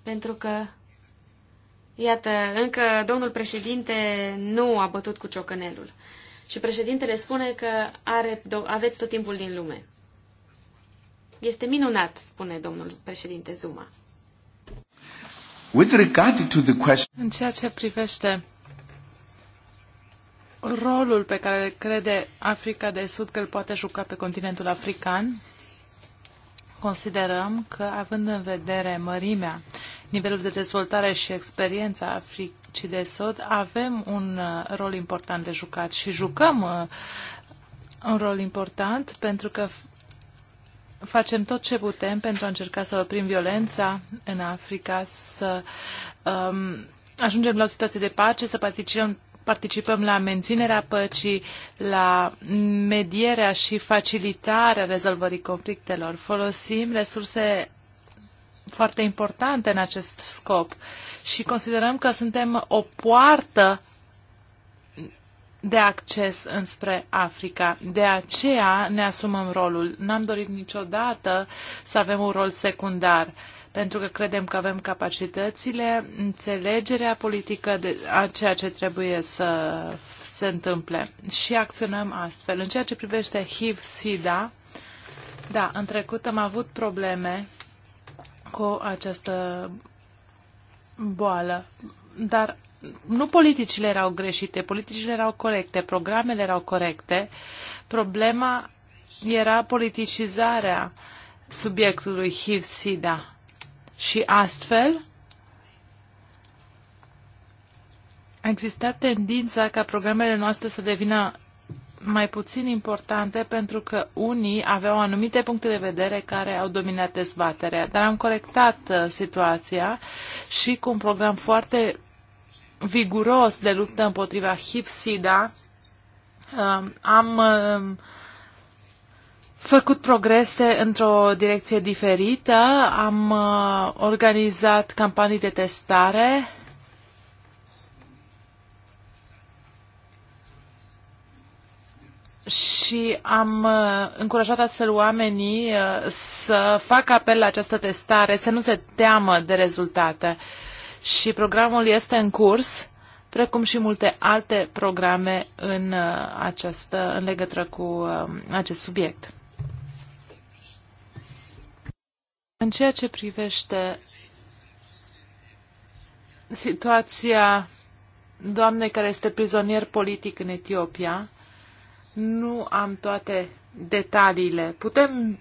pentru că, iată, încă domnul președinte nu a bătut cu ciocănelul. Și președintele spune că are, aveți tot timpul din lume. Este minunat, spune domnul președinte Zuma. With regard to the question... În ceea ce privește rolul pe care crede Africa de Sud că îl poate juca pe continentul african, considerăm că, având în vedere mărimea, nivelul de dezvoltare și experiența Africii de Sud, avem un uh, rol important de jucat și jucăm uh, un rol important pentru că facem tot ce putem pentru a încerca să oprim violența în Africa, să um, ajungem la o situație de pace, să participăm participăm la menținerea păcii, la medierea și facilitarea rezolvării conflictelor. Folosim resurse foarte importante în acest scop și considerăm că suntem o poartă de acces înspre Africa. De aceea ne asumăm rolul. N-am dorit niciodată să avem un rol secundar pentru că credem că avem capacitățile, înțelegerea politică de a ceea ce trebuie să se întâmple și acționăm astfel. În ceea ce privește HIV-SIDA, da, în trecut am avut probleme cu această boală, dar nu politicile erau greșite, politicile erau corecte, programele erau corecte. Problema era politicizarea subiectului HIV-SIDA. Și astfel a existat tendința ca programele noastre să devină mai puțin importante pentru că unii aveau anumite puncte de vedere care au dominat dezbaterea. Dar am corectat uh, situația și cu un program foarte viguros de luptă împotriva HIV-SIDA uh, am uh, făcut progrese într-o direcție diferită. Am uh, organizat campanii de testare. și am uh, încurajat astfel oamenii uh, să facă apel la această testare, să nu se teamă de rezultate. Și programul este în curs, precum și multe alte programe în, această, în legătură cu acest subiect. În ceea ce privește situația doamnei care este prizonier politic în Etiopia, nu am toate detaliile. Putem,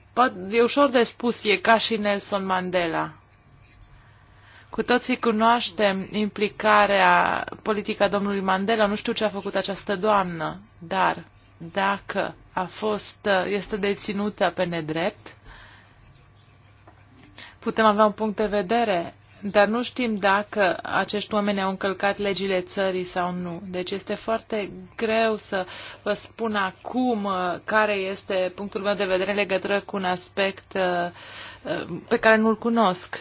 e ușor de spus, e ca și Nelson Mandela. Cu toții cunoaștem implicarea politică a domnului Mandela. Nu știu ce a făcut această doamnă, dar dacă a fost, este deținută pe nedrept, putem avea un punct de vedere, dar nu știm dacă acești oameni au încălcat legile țării sau nu. Deci este foarte greu să vă spun acum uh, care este punctul meu de vedere în legătură cu un aspect uh, uh, pe care nu-l cunosc.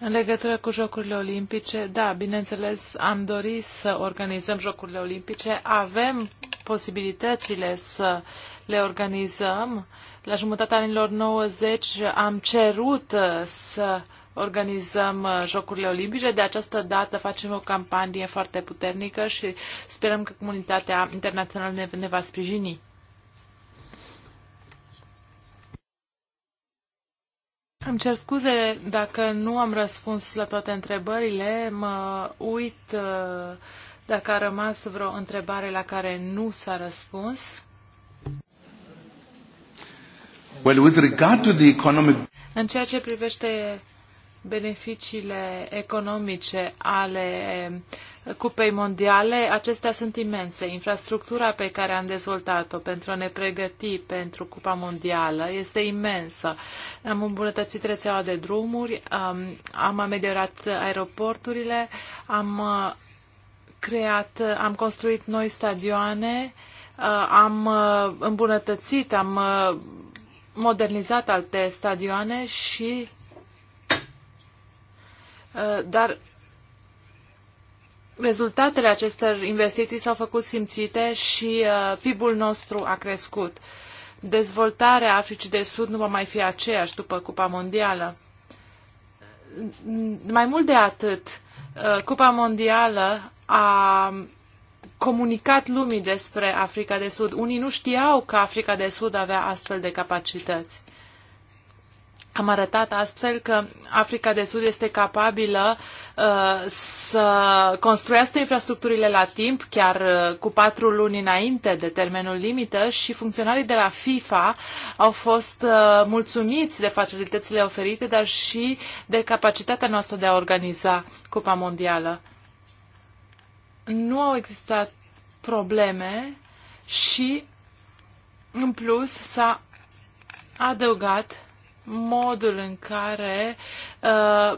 În legătură cu Jocurile Olimpice, da, bineînțeles, am dorit să organizăm Jocurile Olimpice. Avem posibilitățile să le organizăm. La jumătatea anilor 90 am cerut uh, să organizăm uh, Jocurile Olimpice. De această dată facem o campanie foarte puternică și sperăm că comunitatea internațională ne, ne va sprijini. Îmi cer scuze dacă nu am răspuns la toate întrebările. Mă uit uh, dacă a rămas vreo întrebare la care nu s-a răspuns. Well, with regard to the economic... În ceea ce privește beneficiile economice ale Cupei Mondiale, acestea sunt imense. Infrastructura pe care am dezvoltat-o pentru a ne pregăti pentru Cupa Mondială este imensă. Am îmbunătățit rețeaua de drumuri, am ameliorat aeroporturile, am creat, am construit noi stadioane, uh, am uh, îmbunătățit, am uh, modernizat alte stadioane și dar rezultatele acestor investiții s-au făcut simțite și PIB-ul nostru a crescut. Dezvoltarea Africii de Sud nu va mai fi aceeași după Cupa Mondială. Mai mult de atât, Cupa Mondială a comunicat lumii despre Africa de Sud. Unii nu știau că Africa de Sud avea astfel de capacități. Am arătat astfel că Africa de Sud este capabilă uh, să construiască infrastructurile la timp, chiar uh, cu patru luni înainte de termenul limită și funcționarii de la FIFA au fost uh, mulțumiți de facilitățile oferite, dar și de capacitatea noastră de a organiza Cupa Mondială nu au existat probleme și, în plus, s-a adăugat modul în care uh,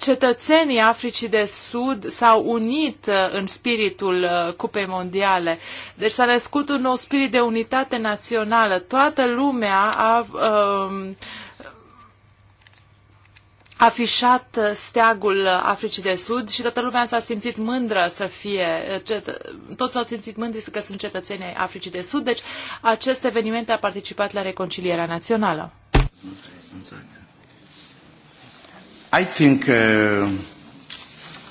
cetățenii Africii de Sud s-au unit uh, în spiritul uh, Cupei Mondiale. Deci s-a născut un nou spirit de unitate națională. Toată lumea a um, afișat uh, steagul uh, Africii de Sud și toată lumea s-a simțit mândră să fie, uh, toți s-au simțit mândri că sunt cetățenii Africii de Sud, deci acest eveniment a participat la reconcilierea națională. I think uh,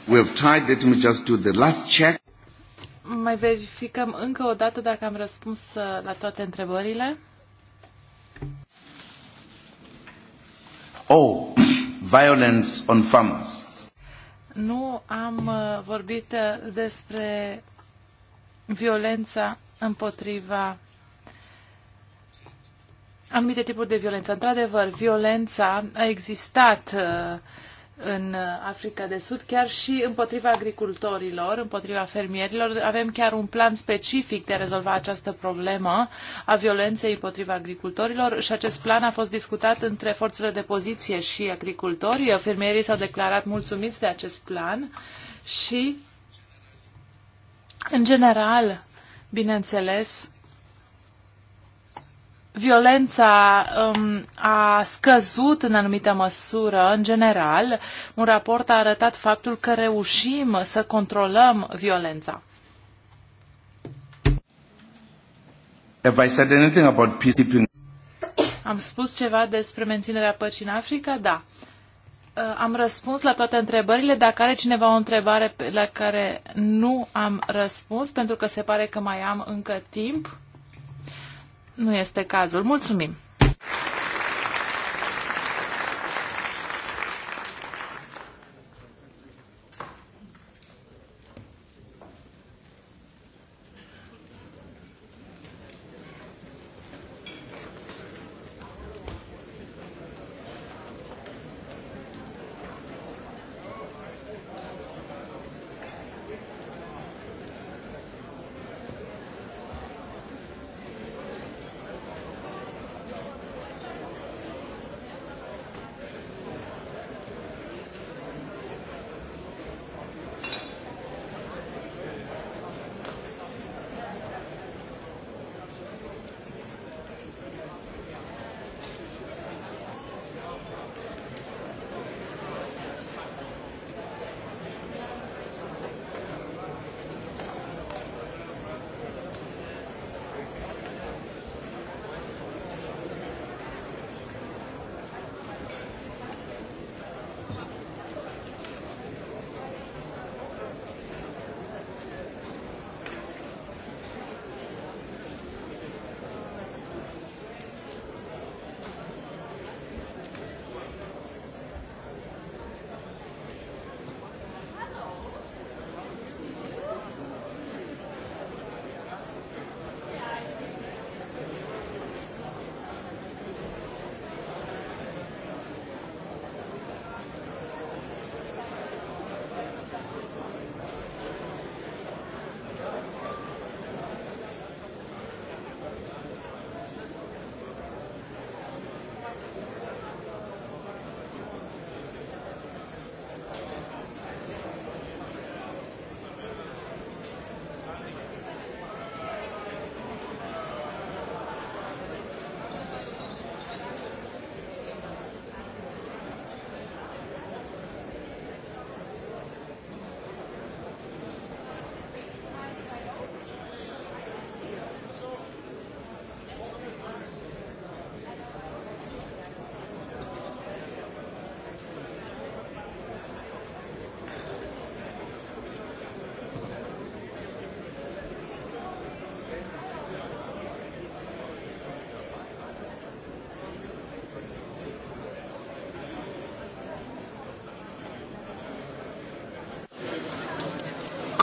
we have tried, let me just do the last check. Mai verificăm încă o dată dacă am răspuns la toate întrebările. Oh, violence on farmers. Nu am uh, vorbit uh, despre violența împotriva anumite tipuri de violență. Într-adevăr, violența a existat uh, în uh, Africa de Sud, chiar și împotriva agricultorilor, împotriva fermierilor. Avem chiar un plan specific de a rezolva această problemă a violenței împotriva agricultorilor și acest plan a fost discutat între forțele de poziție și agricultori. Fermierii s-au declarat mulțumiți de acest plan și, în general, bineînțeles, violența um, a scăzut în anumită măsură, în general, un raport a arătat faptul că reușim să controlăm violența. Have I said anything about peacekeeping? Am spus ceva despre menținerea păcii în Africa? Da. Uh, am răspuns la toate întrebările. Dacă are cineva o întrebare la care nu am răspuns, pentru că se pare că mai am încă timp, nu este cazul. Mulțumim!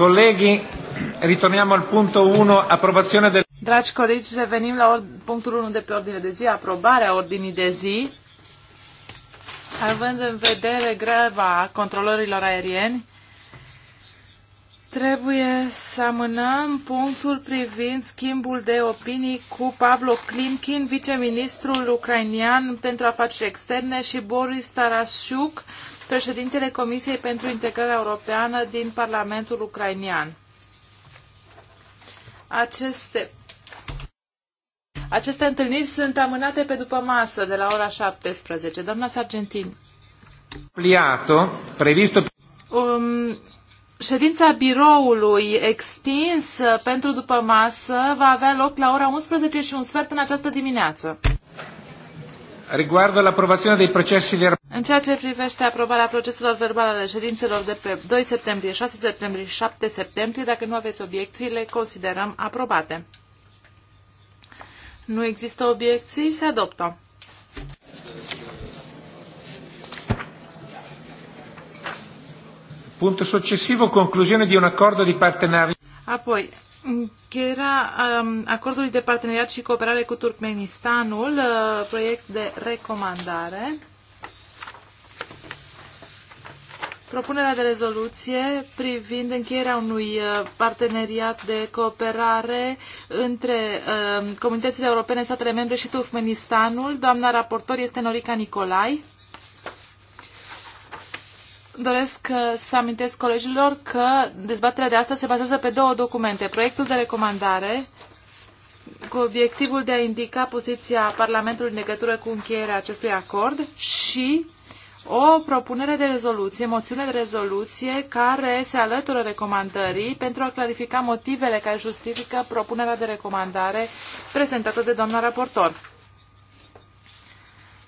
Colleghi, ritorniamo al punto 1, approvazione del... Dragi colegi, revenim la punctul 1 de pe ordine de zi, aprobarea ordinii de zi. Având în vedere greva controlorilor aerieni, trebuie să amânăm punctul privind schimbul de opinii cu Pavlo Klimkin, viceministrul ucrainian pentru afaceri externe, și Boris Tarasiuk, președintele Comisiei pentru Integrarea Europeană din Parlamentul Ucrainian. Aceste aceste întâlniri sunt amânate pe după masă de la ora 17. Doamna Sargentin. Pliato, previsto... Um, ședința biroului extins pentru după masă va avea loc la ora 11 și un sfert în această dimineață. Riguardo l'approvazione dei processi verbali. În ceea ce privește aprobarea proceselor verbale ale ședințelor de pe 2 septembrie, 6 septembrie și 7 septembrie, dacă nu aveți obiecții, le considerăm aprobate. Nu există obiecții, se adoptă. Punctul succesiv, concluziune de un acord de parteneriat. Apoi, încheierea um, acordului de parteneriat și cooperare cu Turkmenistanul, uh, proiect de recomandare. propunerea de rezoluție privind încheierea unui uh, parteneriat de cooperare între uh, comunitățile europene, statele membre și Turkmenistanul. Doamna raportor este Norica Nicolai. Doresc uh, să amintesc colegilor că dezbaterea de astăzi se bazează pe două documente. Proiectul de recomandare cu obiectivul de a indica poziția Parlamentului în legătură cu încheierea acestui acord și o propunere de rezoluție, moțiune de rezoluție care se alătură recomandării pentru a clarifica motivele care justifică propunerea de recomandare prezentată de doamna raportor.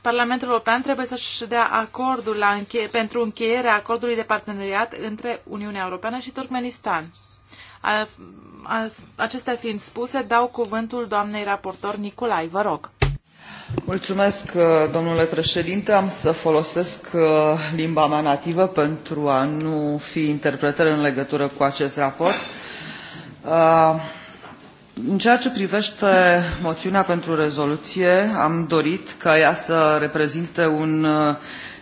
Parlamentul European trebuie să-și dea acordul la înche- pentru încheierea acordului de parteneriat între Uniunea Europeană și Turkmenistan. A, a, acestea fiind spuse, dau cuvântul doamnei raportor Nicolai, vă rog. Mulțumesc, uh, domnule președinte. Am să folosesc uh, limba mea nativă pentru a nu fi interpretări în legătură cu acest raport. Uh, în ceea ce privește moțiunea pentru rezoluție, am dorit ca ea să reprezinte un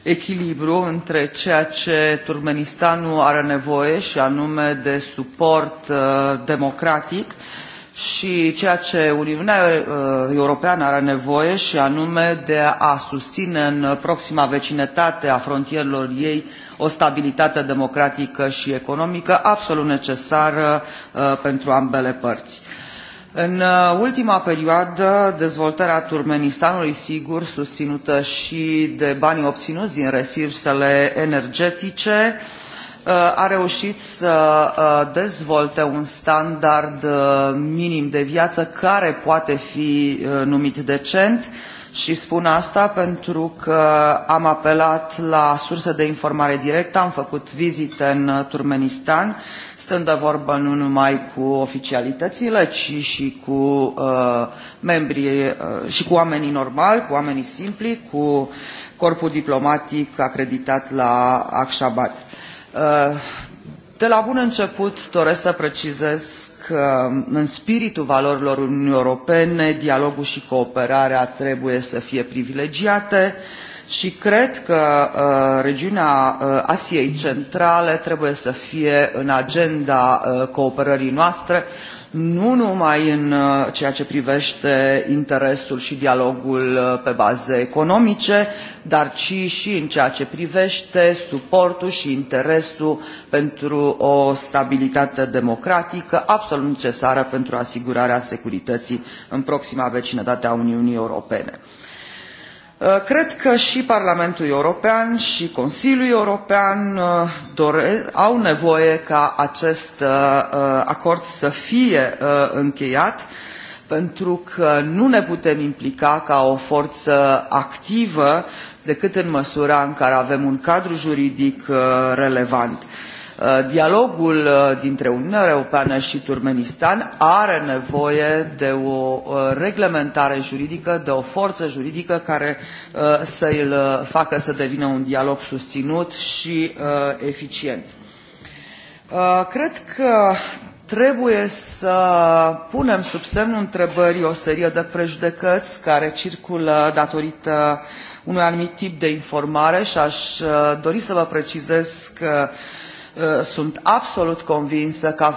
echilibru între ceea ce Turmenistanul are nevoie și anume de suport democratic și ceea ce Uniunea uh, Europeană are nevoie și anume de a susține în proxima vecinătate a frontierelor ei o stabilitate democratică și economică absolut necesară uh, pentru ambele părți. În uh, ultima perioadă, dezvoltarea Turkmenistanului, sigur, susținută și de banii obținuți din resursele energetice, uh, Uh, a reușit să uh, dezvolte un standard uh, minim de viață care poate fi numit decent și spun asta pentru că am apelat la surse de informare directă, am făcut vizite în Turmenistan, stând de vorbă nu numai cu oficialitățile, ci și cu uh, membrii uh, și cu oamenii normali, cu oamenii simpli, cu corpul diplomatic acreditat la Akshabat. Uh, de la bun început doresc să precizez că um, în spiritul valorilor Uniunii Europene dialogul și cooperarea trebuie să fie privilegiate și cred că uh, regiunea uh, Asiei Centrale trebuie să fie în agenda uh, cooperării noastre, nu numai în uh, ceea ce privește interesul și dialogul uh, pe baze economice, dar ci și în ceea ce privește suportul și interesul pentru o stabilitate democratică absolut necesară pentru asigurarea securității în proxima vecinătate a Uniunii Europene. Uh, cred că și Parlamentul European și Consiliul European uh, au nevoie ca acest uh, acord să fie încheiat pentru că nu ne putem implica ca o forță activă decât în măsura în care avem un cadru juridic relevant. Uh, dialogul uh, dintre Uniunea Europeană și Turkmenistan are nevoie de o uh, reglementare juridică, de o forță juridică care să îl facă să devină un dialog susținut și eficient. Cred că trebuie să punem sub semnul întrebării o serie de prejudecăți care circulă datorită unui anumit tip de informare și aș dori să vă precizez că uh, Uh, sunt absolut convinsă că,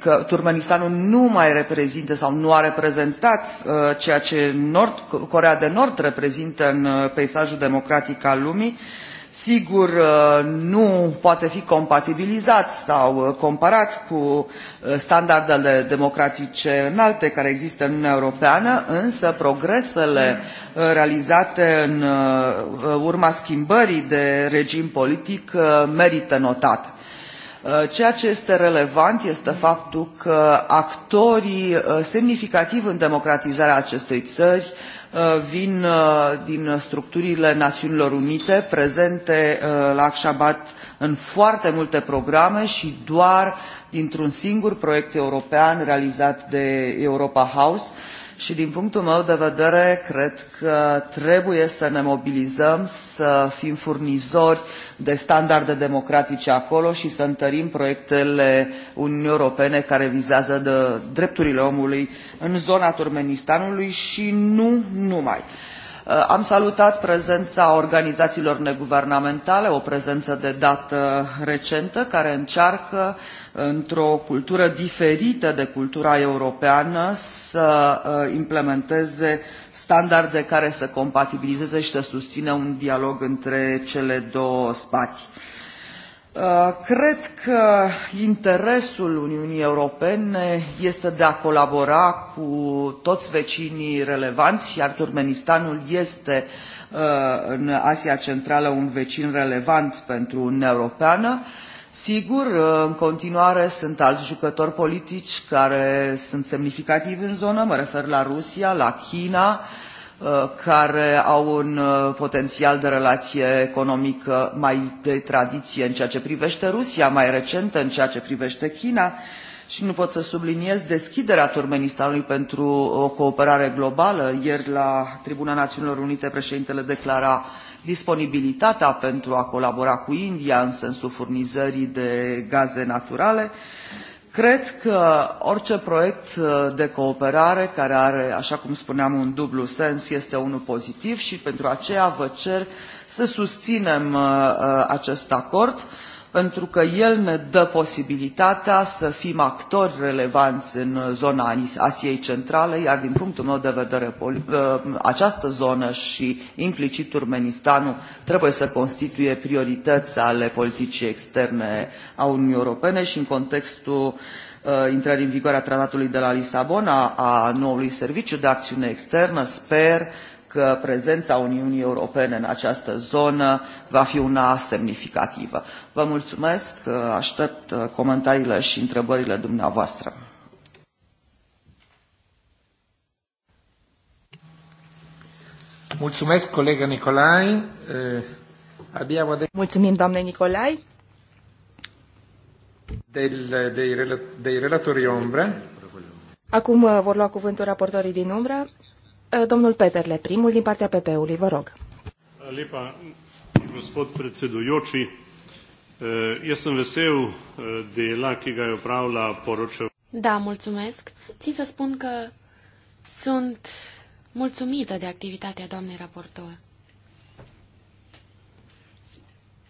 că Turkmenistanul nu mai reprezintă sau nu a reprezentat uh, ceea ce Nord, Corea de Nord reprezintă în uh, peisajul democratic al lumii. Sigur, nu poate fi compatibilizat sau comparat cu standardele democratice înalte care există în Uniunea Europeană, însă progresele realizate în urma schimbării de regim politic merită notate. Uh, ceea ce este relevant este faptul că actorii uh, semnificativi în democratizarea acestei țări uh, vin din structurile Națiunilor Unite prezente la Akshabat în foarte multe programe și doar dintr-un singur proiect european realizat de Europa House și din punctul meu de vedere cred că trebuie să ne mobilizăm, să fim furnizori de standarde democratice acolo și să întărim proiectele Uniunii Europene care vizează de drepturile omului în zona Turmenistanului și nu numai. Uh, am salutat prezența organizațiilor neguvernamentale, o prezență de dată recentă, care încearcă, într-o cultură diferită de cultura europeană, să uh, implementeze standarde care să compatibilizeze și să susțină un dialog între cele două spații. Uh, cred că interesul Uniunii Europene este de a colabora cu toți vecinii relevanți, iar Turkmenistanul este uh, în Asia Centrală un vecin relevant pentru Uniunea Europeană. Sigur, uh, în continuare sunt alți jucători politici care sunt semnificativi în zonă, mă refer la Rusia, la China, uh, Uh, care au un uh, potențial de relație economică mai de tradiție în ceea ce privește Rusia, mai recentă în ceea ce privește China și nu pot să subliniez deschiderea Turkmenistanului pentru o cooperare globală. Ieri la Tribuna Națiunilor Unite președintele declara disponibilitatea pentru a colabora cu India în sensul furnizării de gaze naturale. Uh, Cred că orice proiect uh, de cooperare care are, așa cum spuneam, un dublu sens este unul pozitiv și pentru aceea vă cer să susținem uh, uh, acest acord pentru că el ne dă posibilitatea să fim actori relevanți în zona Asiei Centrale, iar din punctul meu de vedere ă, această zonă și implicit Turmenistanul trebuie să constituie priorități ale politicii externe a Uniunii Europene și în contextul ă, intrării în vigoare a tratatului de la Lisabona a noului serviciu de acțiune externă, sper că prezența Uniunii Europene în această zonă va fi una semnificativă. Vă mulțumesc, aștept uh, comentariile și întrebările dumneavoastră. Mulțumesc, colegă Nicolai. Uh, Mulțumim, doamne Nicolai. Del, dei, dei relatorii umbră. Acum uh, vor lua cuvântul raportorii din umbră. Eh, domnul Peterle, primul din partea PP-ului, vă rog. Lepa, gospod predsedujoči. Eh, jaz sem vesel eh, dela, ki ga je opravila poročev. Da, mulțumesc. Țin să spun că sunt mulțumită de activitatea doamnei raportor.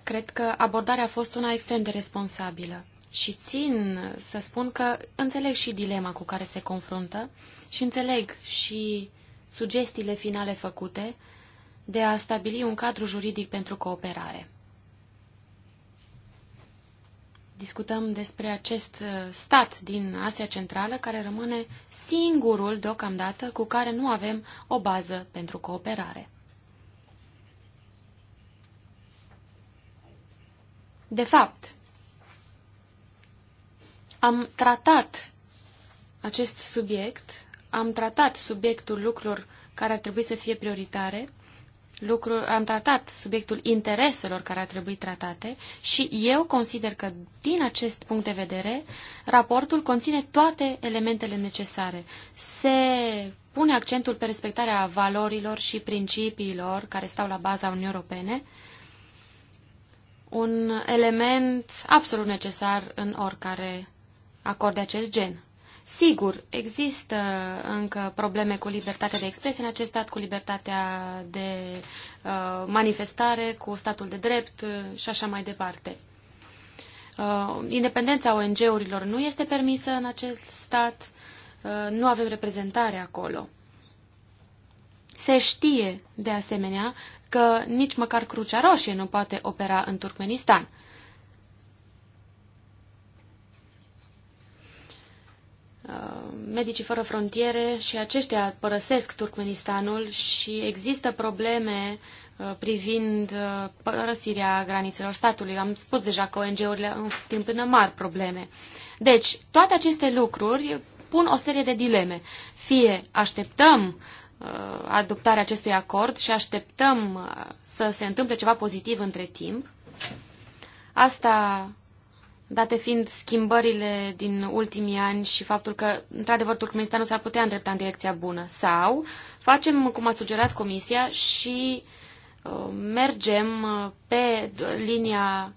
Cred că abordarea a fost una extrem de responsabilă și țin să spun că înțeleg și dilema cu care se confruntă și înțeleg și sugestiile finale făcute de a stabili un cadru juridic pentru cooperare. Discutăm despre acest uh, stat din Asia Centrală care rămâne singurul deocamdată cu care nu avem o bază pentru cooperare. De fapt, am tratat acest subiect am tratat subiectul lucrurilor care ar trebui să fie prioritare, lucru, am tratat subiectul intereselor care ar trebui tratate și eu consider că, din acest punct de vedere, raportul conține toate elementele necesare. Se pune accentul pe respectarea valorilor și principiilor care stau la baza Uniunii Europene, un element absolut necesar în oricare acord de acest gen. Sigur, există încă probleme cu libertatea de expresie în acest stat, cu libertatea de uh, manifestare, cu statul de drept uh, și așa mai departe. Uh, independența ONG-urilor nu este permisă în acest stat, uh, nu avem reprezentare acolo. Se știe, de asemenea, că nici măcar Crucea Roșie nu poate opera în Turkmenistan. Medicii Fără Frontiere și aceștia părăsesc Turkmenistanul și există probleme uh, privind uh, părăsirea granițelor statului. Am spus deja că ONG-urile întâmpină mari probleme. Deci, toate aceste lucruri pun o serie de dileme. Fie așteptăm uh, adoptarea acestui acord și așteptăm să se întâmple ceva pozitiv între timp. Asta date fiind schimbările din ultimii ani și faptul că, într-adevăr, Turkmenistanul s-ar putea îndrepta în direcția bună. Sau facem, cum a sugerat Comisia, și uh, mergem uh, pe linia,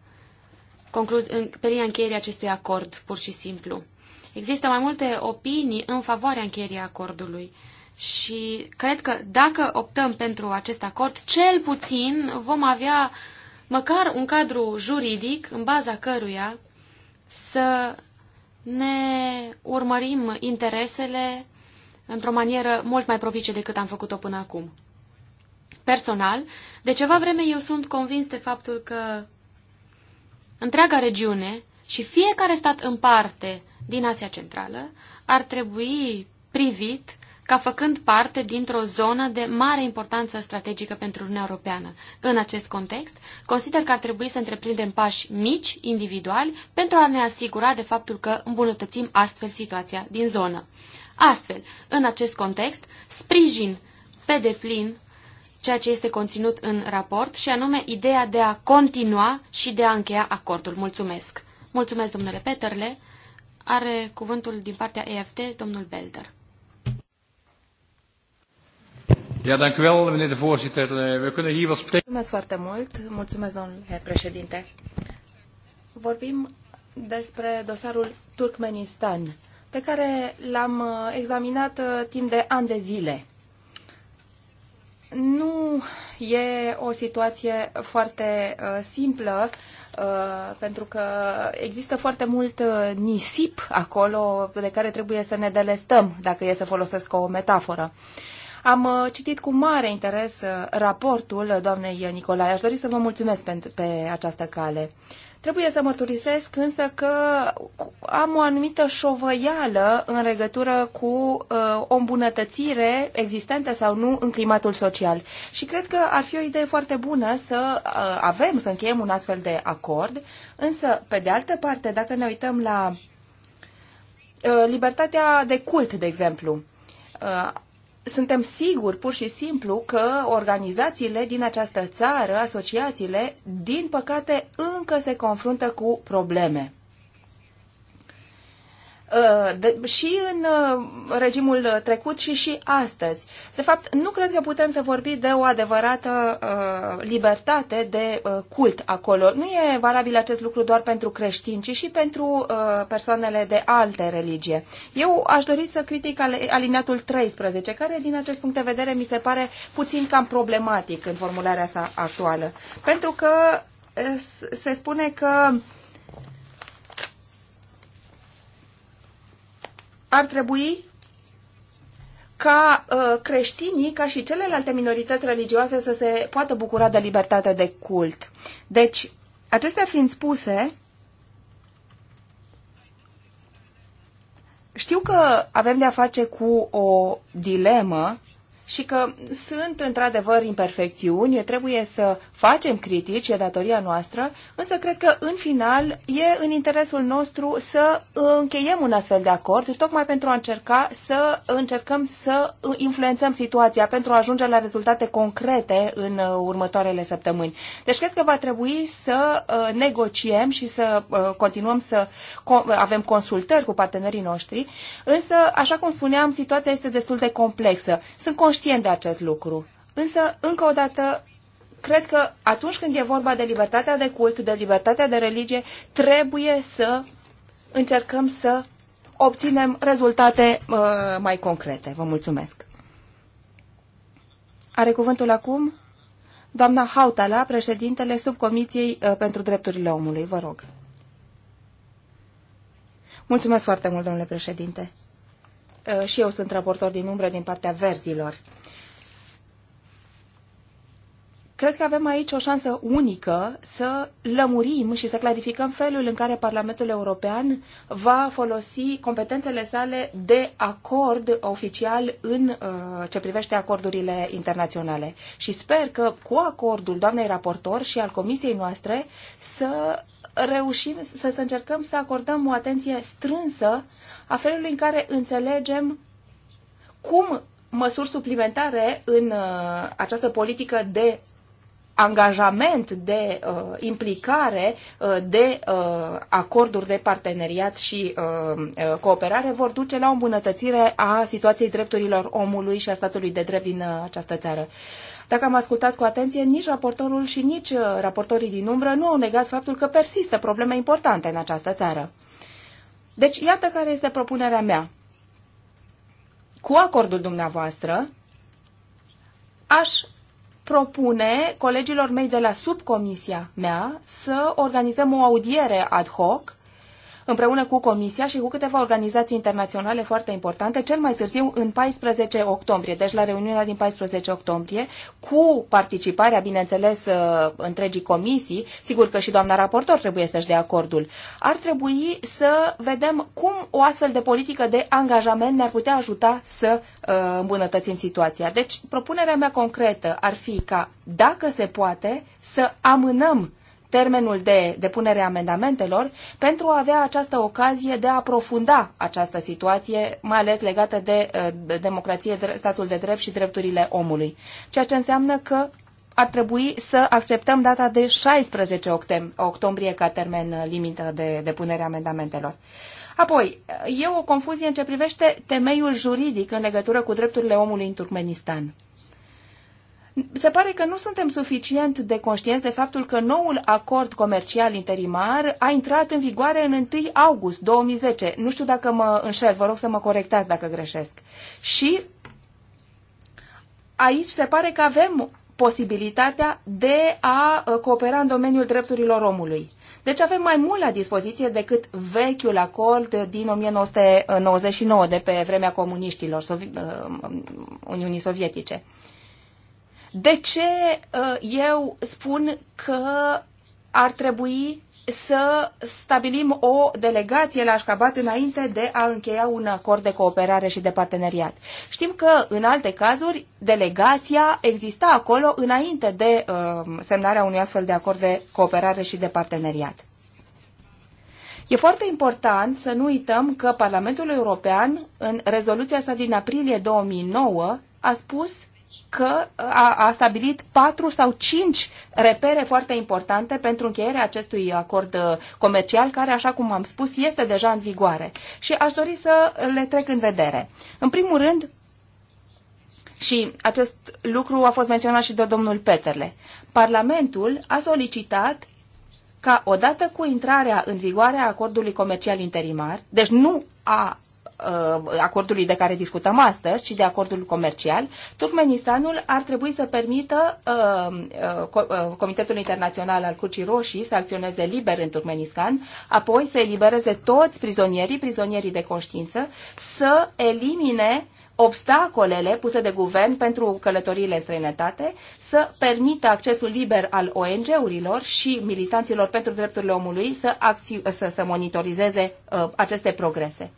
pe linia încheierii acestui acord, pur și simplu. Există mai multe opinii în favoarea încheierii acordului. Și cred că dacă optăm pentru acest acord, cel puțin vom avea măcar un cadru juridic în baza căruia să ne urmărim interesele într-o manieră mult mai propice decât am făcut-o până acum. Personal, de ceva vreme eu sunt convins de faptul că întreaga regiune și fiecare stat în parte din Asia Centrală ar trebui privit ca făcând parte dintr-o zonă de mare importanță strategică pentru Uniunea Europeană. În acest context, consider că ar trebui să întreprindem pași mici, individuali, pentru a ne asigura de faptul că îmbunătățim astfel situația din zonă. Astfel, în acest context, sprijin pe deplin ceea ce este conținut în raport și anume ideea de a continua și de a încheia acordul. Mulțumesc! Mulțumesc, domnule Peterle! Are cuvântul din partea EFT, domnul Belder. Ja, dank u wel, meneer de voorzitter. Eh, we kunnen hier wel spreken. Mulțumesc foarte mult. Mulțumesc, domnule președinte. Vorbim despre dosarul Turkmenistan, pe care l-am eh, examinat eh, timp de ani de zile. Nu e o situație foarte simplă, pentru că există foarte mult nisip acolo de care trebuie să ne delestăm, dacă e să folosesc o metaforă. Am uh, citit cu mare interes uh, raportul uh, doamnei Nicolae. Aș dori să vă mulțumesc pentru, pe această cale. Trebuie să mărturisesc însă că am o anumită șovăială în legătură cu uh, o îmbunătățire existentă sau nu în climatul social. Și cred că ar fi o idee foarte bună să uh, avem, să încheiem un astfel de acord, însă, pe de altă parte, dacă ne uităm la uh, libertatea de cult, de exemplu, suntem siguri, pur și simplu, că organizațiile din această țară, asociațiile, din păcate, încă se confruntă cu probleme. Uh, și în uh, regimul trecut și și astăzi. De fapt, nu cred că putem să vorbim de o adevărată uh, libertate de cult acolo. Nu e valabil acest lucru doar pentru creștini, ci și pentru persoanele de alte religie. Eu aș dori să critic alineatul 13, care din acest punct de vedere mi se pare puțin cam problematic în formularea sa actuală. Pentru că se spune că uh, ar trebui ca uh, creștinii, ca și celelalte minorități religioase să se poată bucura de libertate de cult. Deci, acestea fiind spuse, știu că avem de-a face cu o dilemă și că sunt într-adevăr imperfecțiuni, trebuie să facem critici, e datoria noastră, însă cred că în final e în interesul nostru să încheiem un astfel de acord, tocmai pentru a încerca să încercăm să influențăm situația, pentru a ajunge la rezultate concrete în următoarele săptămâni. Deci cred că va trebui să uh, negociem și să uh, continuăm să avem consultări cu partenerii noștri, însă, așa cum spuneam, situația este destul de complexă. Sunt conștient de acest lucru. Însă, încă o dată, cred că atunci când e vorba de libertatea de cult, de libertatea de religie, trebuie să încercăm să obținem rezultate uh, mai concrete. Vă mulțumesc. Are cuvântul acum doamna Hautala, președintele Subcomisiei uh, pentru Drepturile Omului. Vă rog. Mulțumesc foarte mult, domnule președinte. Uh, și eu sunt raportor din umbră din partea verzilor. Cred că avem aici o șansă unică să lămurim și să clarificăm felul în care Parlamentul European va folosi competențele sale de acord oficial în uh, ce privește acordurile internaționale. Și sper că cu acordul doamnei raportor și al comisiei noastre să reușim să, să încercăm să acordăm o atenție strânsă a felului în care înțelegem cum măsuri suplimentare în uh, această politică de angajament, de uh, implicare, uh, de uh, acorduri de parteneriat și uh, uh cooperare vor duce la o îmbunătățire a situației drepturilor omului și a statului de drept din uh, această țară. Uh, dacă am ascultat cu atenție, nici raportorul și nici uh, raportorii din umbră nu au negat faptul că persistă probleme importante în această țară. Deci, iată care este propunerea mea. Cu acordul dumneavoastră, aș propune colegilor mei de la subcomisia mea să organizăm o audiere ad hoc împreună cu Comisia și cu câteva organizații internaționale foarte importante, cel mai târziu în 14 octombrie, deci la reuniunea din 14 octombrie, cu participarea, bineînțeles, uh, întregii comisii, sigur că și doamna raportor trebuie să-și dea acordul, ar trebui să vedem cum o astfel de politică de angajament ne-ar putea ajuta să uh, îmbunătățim situația. Deci, propunerea mea concretă ar fi ca, dacă se poate, să amânăm termenul de depunere a amendamentelor pentru a avea această ocazie de a aprofunda această situație, mai ales legată de uh, democrație, statul de drept și drepturile omului. Ceea ce înseamnă că ar trebui să acceptăm data de 16 octombrie ca termen uh, limită de depunere a amendamentelor. Apoi, e o confuzie în ce privește temeiul juridic în legătură cu drepturile omului în Turkmenistan se pare că nu suntem suficient de conștienți de faptul că noul acord comercial interimar a intrat în vigoare în 1 august 2010. Nu știu dacă mă înșel, vă rog să mă corectați dacă greșesc. Și aici se pare că avem posibilitatea de a uh, coopera în domeniul drepturilor omului. Deci avem mai mult la dispoziție decât vechiul acord din 1999, de pe vremea comuniștilor, uh, Uniunii Sovietice. Uh, de ce uh, eu spun că ar trebui să stabilim o delegație la Ashgabat înainte de a încheia un acord de cooperare și de parteneriat. Știm că în alte cazuri delegația exista acolo înainte de uh, semnarea unui astfel de acord de cooperare și de parteneriat. E foarte important să nu uităm că Parlamentul European, în rezoluția sa din aprilie 2009, a spus că a, a stabilit patru sau cinci repere foarte importante pentru încheierea acestui acord uh, comercial, care, așa cum am spus, este deja în vigoare. Și aș dori să le trec în vedere. În primul rând, și acest lucru a fost menționat și de domnul Peterle, Parlamentul a solicitat ca odată cu intrarea în vigoare a acordului comercial interimar, deci nu a Uh, acordului de care discutăm astăzi, ci de acordul comercial, Turkmenistanul ar trebui să permită uh, uh, Comitetul Internațional al Curcii Roșii să acționeze liber în Turkmenistan, apoi să elibereze toți prizonierii, prizonierii de conștiință, să elimine obstacolele puse de guvern pentru călătoriile în străinătate, să permită accesul liber al ONG-urilor și militanților pentru drepturile omului să, acți- să, să monitorizeze uh, aceste progrese.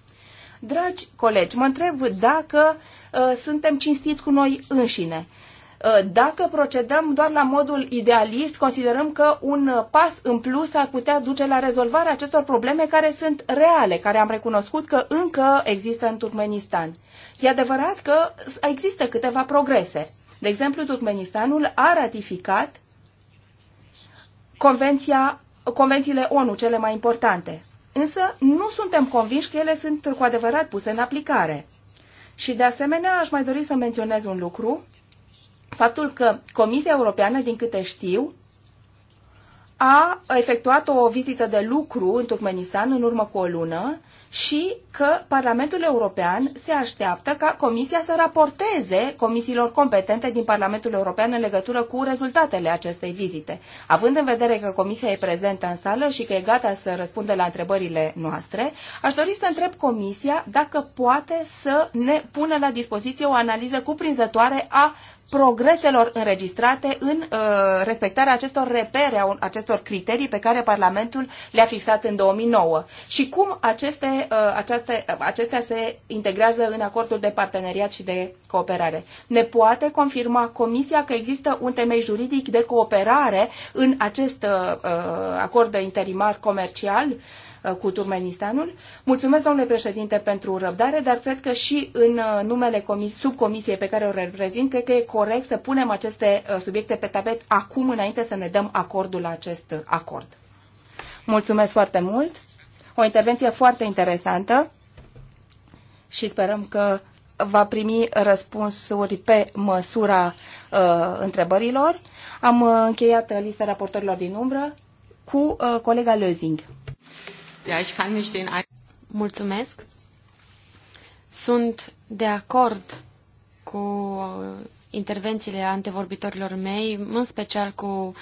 Dragi colegi, mă întreb dacă uh, suntem cinstiți cu noi înșine. Uh, dacă procedăm doar la modul idealist, considerăm că un pas în plus ar putea duce la rezolvarea acestor probleme care sunt reale, care am recunoscut că încă există în Turkmenistan. E adevărat că există câteva progrese. De exemplu, Turkmenistanul a ratificat convenția, convențiile ONU cele mai importante însă nu suntem convinși că ele sunt cu adevărat puse în aplicare. Și de asemenea aș mai dori să menționez un lucru, faptul că Comisia Europeană, din câte știu, a efectuat o vizită de lucru în Turkmenistan în urmă cu o lună și că Parlamentul European se așteaptă ca Comisia să raporteze comisiilor competente din Parlamentul European în legătură cu rezultatele acestei vizite. Având în vedere că Comisia e prezentă în sală și că e gata să răspundă la întrebările noastre, aș dori să întreb Comisia dacă poate să ne pună la dispoziție o analiză cuprinzătoare a progreselor înregistrate în uh, respectarea acestor repere, a acestor criterii pe care Parlamentul le-a fixat în 2009 și cum aceste Uh, uh, acestea se integrează în acordul de parteneriat și de cooperare. Ne poate confirma Comisia că există un temei juridic de cooperare în acest uh, acord de interimar comercial? cu Turmenistanul. Mulțumesc, domnule președinte, pentru răbdare, dar cred că și în numele comis- subcomisiei pe care o reprezint, cred că e corect să punem aceste subiecte pe tapet acum, înainte să ne dăm acordul la acest acord. Mulțumesc foarte mult! o intervenție foarte interesantă și sperăm că va primi răspunsuri pe măsura uh, întrebărilor. Am uh, încheiat uh, lista raportorilor din umbră cu uh, colega Lözing. Mulțumesc. Sunt de acord cu uh, intervențiile antevorbitorilor mei, în special cu,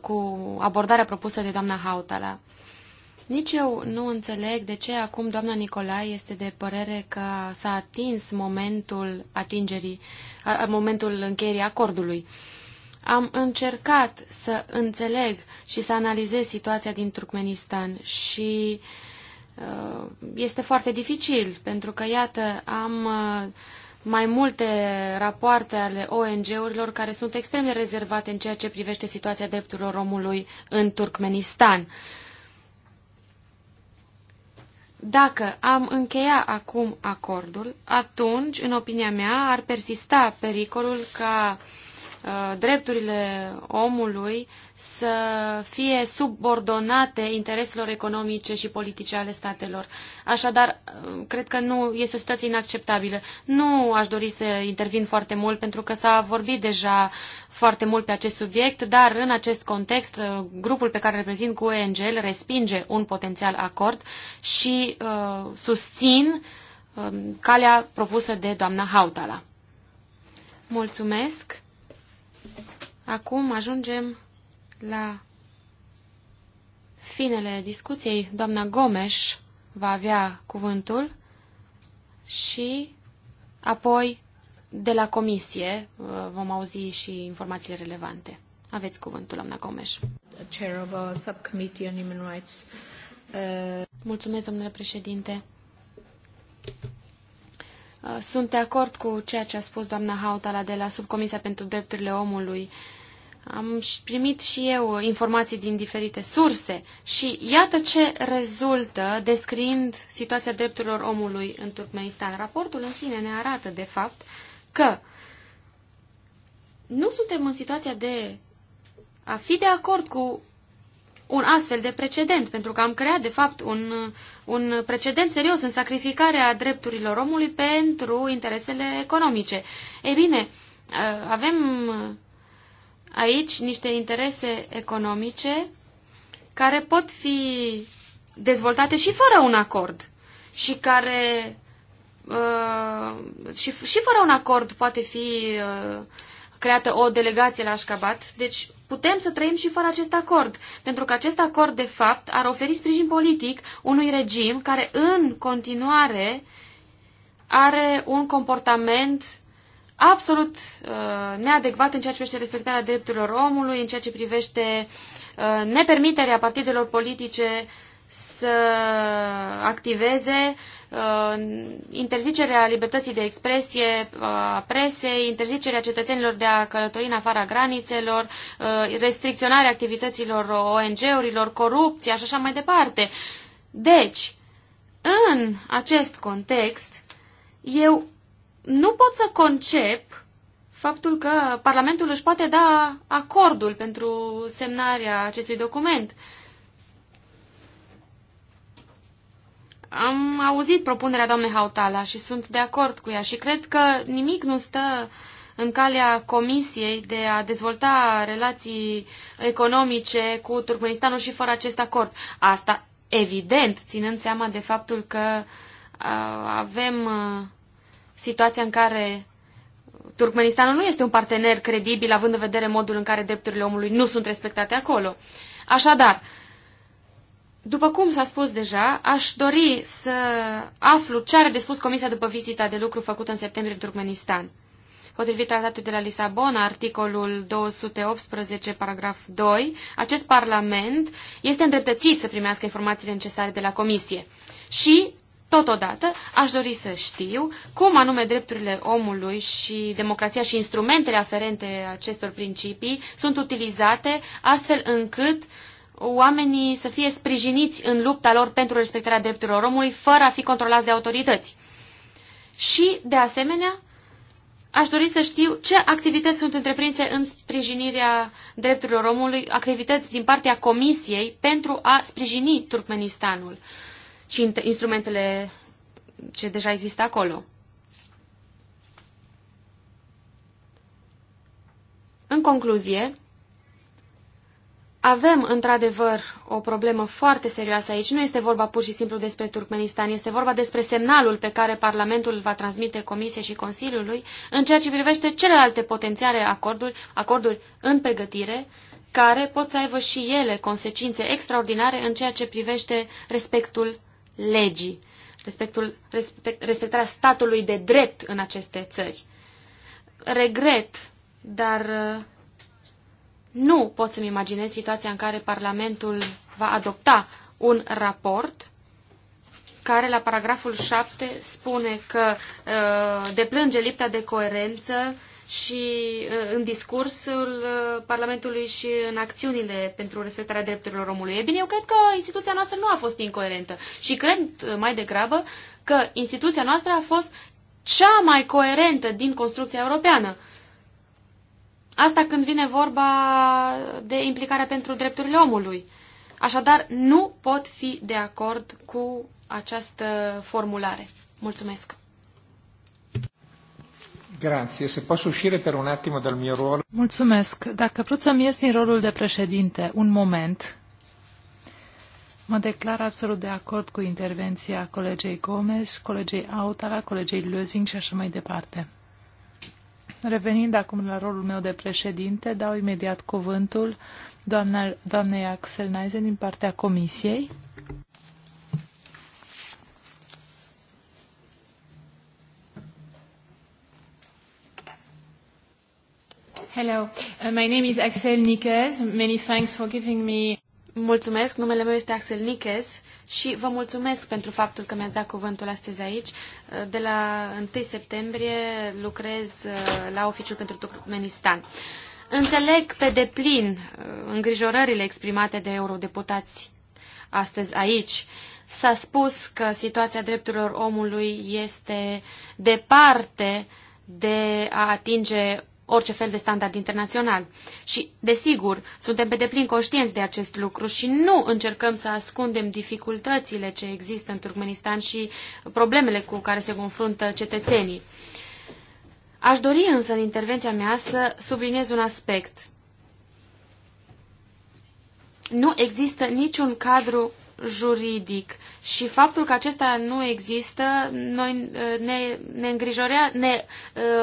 cu abordarea propusă de doamna Hautala. Nici eu nu înțeleg de ce acum doamna Nicolae este de părere că s-a atins momentul atingerii, a, momentul încheierii acordului. Am încercat să înțeleg și să analizez situația din Turkmenistan și uh, este foarte dificil, pentru că, iată, am uh, mai multe rapoarte ale ONG-urilor care sunt extrem de rezervate în ceea ce privește situația drepturilor omului în Turkmenistan. Uh, dacă am încheia acum acordul, atunci, în opinia mea, ar persista pericolul ca uh, Uh, drepturile omului să fie subordonate intereselor economice și politice ale statelor. Așadar, uh, cred că nu este o situație inacceptabilă. Nu aș dori să intervin foarte mult pentru că s-a vorbit deja foarte mult pe acest subiect, dar în acest context, uh, grupul pe care îl reprezint cu ONGL respinge un potențial acord și uh, susțin uh, calea propusă de doamna Hautala. Mulțumesc! Acum ajungem la finele discuției. Doamna Gomes va avea cuvântul și apoi de la comisie uh, vom auzi și informațiile relevante. Aveți cuvântul, doamna Gomes. Uh, Mulțumesc, domnule președinte. Uh, sunt de acord cu ceea ce a spus doamna Hautala de la Subcomisia pentru Drepturile Omului am primit și eu informații din diferite surse și iată ce rezultă descriind situația drepturilor omului în Turkmenistan. Raportul în sine ne arată, de fapt, că nu suntem în situația de a fi de acord cu un astfel de precedent, pentru că am creat, de fapt, un, un precedent serios în sacrificarea drepturilor omului pentru interesele economice. Ei bine, avem aici niște interese economice care pot fi dezvoltate și fără un acord și care uh, și, și fără un acord poate fi uh, creată o delegație la Ashgabat. Deci putem să trăim și fără acest acord, pentru că acest acord, de fapt, ar oferi sprijin politic unui regim care în continuare are un comportament absolut uh, neadecvat în ceea ce privește respectarea drepturilor omului, în ceea ce privește uh, nepermiterea partidelor politice să activeze, uh, interzicerea libertății de expresie uh, a presei, interzicerea cetățenilor de a călători în afara granițelor, uh, restricționarea activităților ONG-urilor, corupția și așa mai departe. Deci, în acest context, eu nu pot să concep faptul că Parlamentul își poate da acordul pentru semnarea acestui document. Am auzit propunerea doamnei Hautala și sunt de acord cu ea și cred că nimic nu stă în calea Comisiei de a dezvolta relații economice cu Turkmenistanul și fără acest acord. Asta, evident, ținând seama de faptul că uh, avem uh, situația în care Turkmenistanul nu este un partener credibil, având în vedere modul în care drepturile omului nu sunt respectate acolo. Așadar, după cum s-a spus deja, aș dori să aflu ce are de spus Comisia după vizita de lucru făcută în septembrie în Turkmenistan. Potrivit tratatului de la Lisabona, articolul 218, paragraf 2, acest Parlament este îndreptățit să primească informațiile necesare de la Comisie. Și Totodată, aș dori să știu cum anume drepturile omului și democrația și instrumentele aferente acestor principii sunt utilizate astfel încât oamenii să fie sprijiniți în lupta lor pentru respectarea drepturilor omului fără a fi controlați de autorități. Și, de asemenea, aș dori să știu ce activități sunt întreprinse în sprijinirea drepturilor omului, activități din partea Comisiei pentru a sprijini Turkmenistanul și instrumentele ce deja există acolo. În concluzie, avem într-adevăr o problemă foarte serioasă aici. Nu este vorba pur și simplu despre Turkmenistan, este vorba despre semnalul pe care Parlamentul îl va transmite Comisiei și Consiliului în ceea ce privește celelalte potențiale acorduri, acorduri în pregătire, care pot să aibă și ele consecințe extraordinare în ceea ce privește respectul legii, respectul, respect, respectarea statului de drept în aceste țări. Regret, dar uh, nu pot să-mi imaginez situația în care Parlamentul va adopta un raport care la paragraful 7 spune că uh, deplânge lipta de coerență și uh, în discursul uh, Parlamentului și în acțiunile pentru respectarea drepturilor omului. E bine, eu cred că instituția noastră nu a fost incoerentă și cred uh, mai degrabă că instituția noastră a fost cea mai coerentă din construcția europeană. Asta când vine vorba de implicarea pentru drepturile omului. Așadar, nu pot fi de acord cu această formulare. Mulțumesc! Grazie, se posso uscire per un attimo dal mio ruolo. Mulțumesc. Dacă pot să-mi ies din rolul de președinte, un moment. Mă declar absolut de acord cu intervenția colegei Gomez, colegei Autala, colegei Lözing și așa mai departe. Revenind acum la rolul meu de președinte, dau imediat cuvântul doamnei Axel Neisen din partea Comisiei. Hello, uh, my name is Axel Nikes. Many thanks for giving me... Mulțumesc, numele meu este Axel Nikes și vă mulțumesc pentru faptul că mi-ați dat cuvântul astăzi aici. Uh, de la 1 septembrie lucrez uh, la Oficiul pentru Turkmenistan. Înțeleg pe deplin îngrijorările exprimate de eurodeputați astăzi aici. S-a spus că situația drepturilor omului este departe de a atinge orice fel de standard internațional. Și, desigur, suntem pe deplin conștienți de acest lucru și nu încercăm să ascundem dificultățile ce există în Turkmenistan și problemele cu care se confruntă cetățenii. Aș dori însă în intervenția mea să subliniez un aspect. Nu există niciun cadru juridic și faptul că acesta nu există noi uh, ne, ne, îngrijorea, ne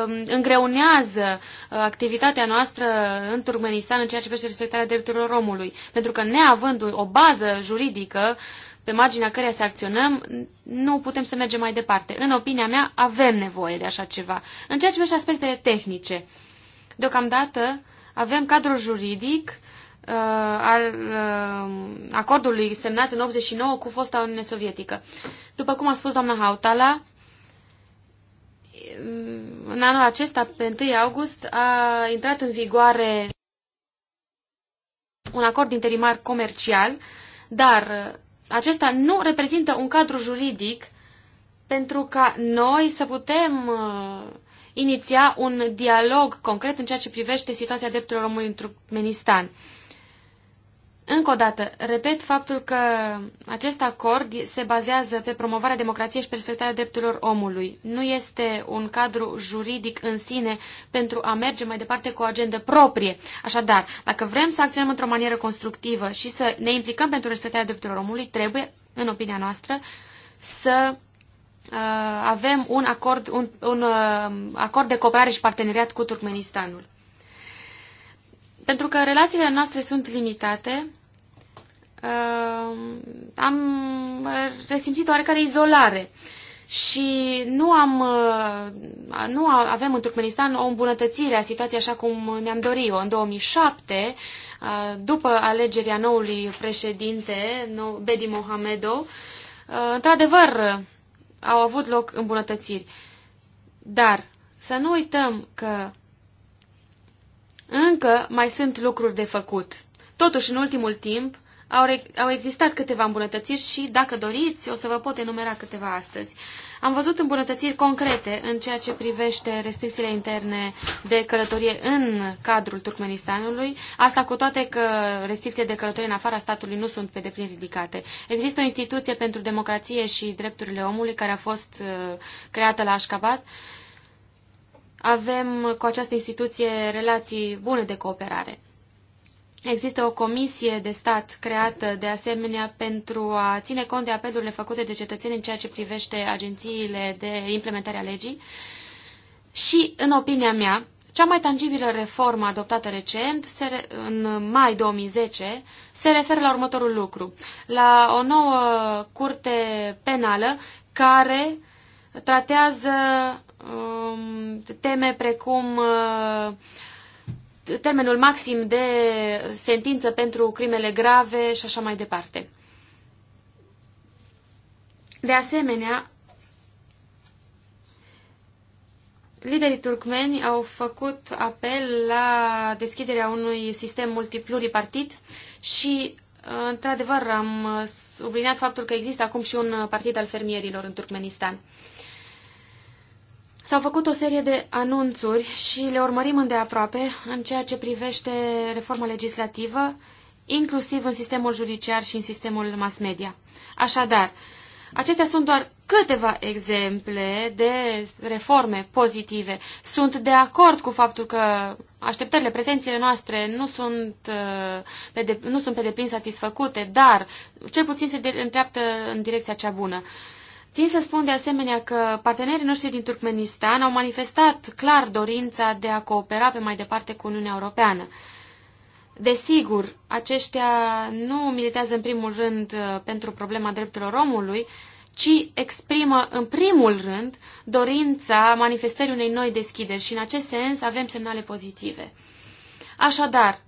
um, uh, îngreunează activitatea noastră în Turkmenistan în ceea ce privește respectarea drepturilor omului. Pentru că neavând o bază juridică pe marginea căreia să acționăm, nu putem să mergem mai departe. În opinia mea, avem nevoie de așa ceva. În ceea ce privește aspectele tehnice, deocamdată avem cadrul juridic Uh, al uh, acordului semnat în 89 cu fosta Uniune Sovietică. După cum a spus doamna Hautala, în anul acesta, pe 1 august, a intrat în vigoare un acord interimar comercial, dar acesta nu reprezintă un cadru juridic pentru ca noi să putem uh, iniția un dialog concret în ceea ce privește situația drepturilor omului în Turkmenistan. Încă o dată, repet faptul că acest acord se bazează pe promovarea democrației și pe respectarea drepturilor omului. Nu este un cadru juridic în sine pentru a merge mai departe cu o agendă proprie. Așadar, dacă vrem să acționăm într-o manieră constructivă și să ne implicăm pentru respectarea drepturilor omului, trebuie, în opinia noastră, să uh, avem un acord, un, un uh, acord de cooperare și parteneriat cu Turkmenistanul. Pentru că relațiile noastre sunt limitate, uh, am resimțit oarecare izolare și nu, am, uh, nu avem în Turkmenistan o îmbunătățire a situației așa cum ne-am dorit-o. În 2007, uh, după alegerea noului președinte, Bedi Mohamedo, uh, într-adevăr au avut loc îmbunătățiri. Dar să nu uităm că încă mai sunt lucruri de făcut. Totuși, în ultimul timp, au, au existat câteva îmbunătățiri și, dacă doriți, o să vă pot enumera câteva astăzi. Am văzut îmbunătățiri concrete în ceea ce privește restricțiile interne de călătorie în cadrul Turkmenistanului, asta cu toate că restricțiile de călătorie în afara statului nu sunt pe deplin ridicate. Există o instituție pentru democrație și drepturile omului care a fost uh, creată la Ashgabat. Avem cu această instituție relații bune de cooperare. Există o comisie de stat creată de asemenea pentru a ține cont de apelurile făcute de cetățeni în ceea ce privește agențiile de implementare a legii. Și, în opinia mea, cea mai tangibilă reformă adoptată recent, în mai 2010, se referă la următorul lucru. La o nouă curte penală care tratează um, teme precum uh, termenul maxim de sentință pentru crimele grave și așa mai departe. De asemenea, liderii turcmeni au făcut apel la deschiderea unui sistem multipluripartit și, într-adevăr, am subliniat faptul că există acum și un partid al fermierilor în Turkmenistan. S-au făcut o serie de anunțuri și le urmărim îndeaproape în ceea ce privește reforma legislativă, inclusiv în sistemul judiciar și în sistemul mass media. Așadar, acestea sunt doar câteva exemple de reforme pozitive. Sunt de acord cu faptul că așteptările, pretențiile noastre nu sunt, uh, pe de, nu sunt pe deplin satisfăcute, dar cel puțin se de, îndreaptă în direcția cea bună. Uh, Țin să spun de asemenea că partenerii noștri din Turkmenistan au manifestat clar dorința de a coopera pe mai departe cu Uniunea Europeană. Desigur, aceștia nu militează în primul rând uh, pentru problema drepturilor omului, ci exprimă în primul rând dorința manifestării unei noi deschideri și în acest sens avem semnale pozitive. Așadar,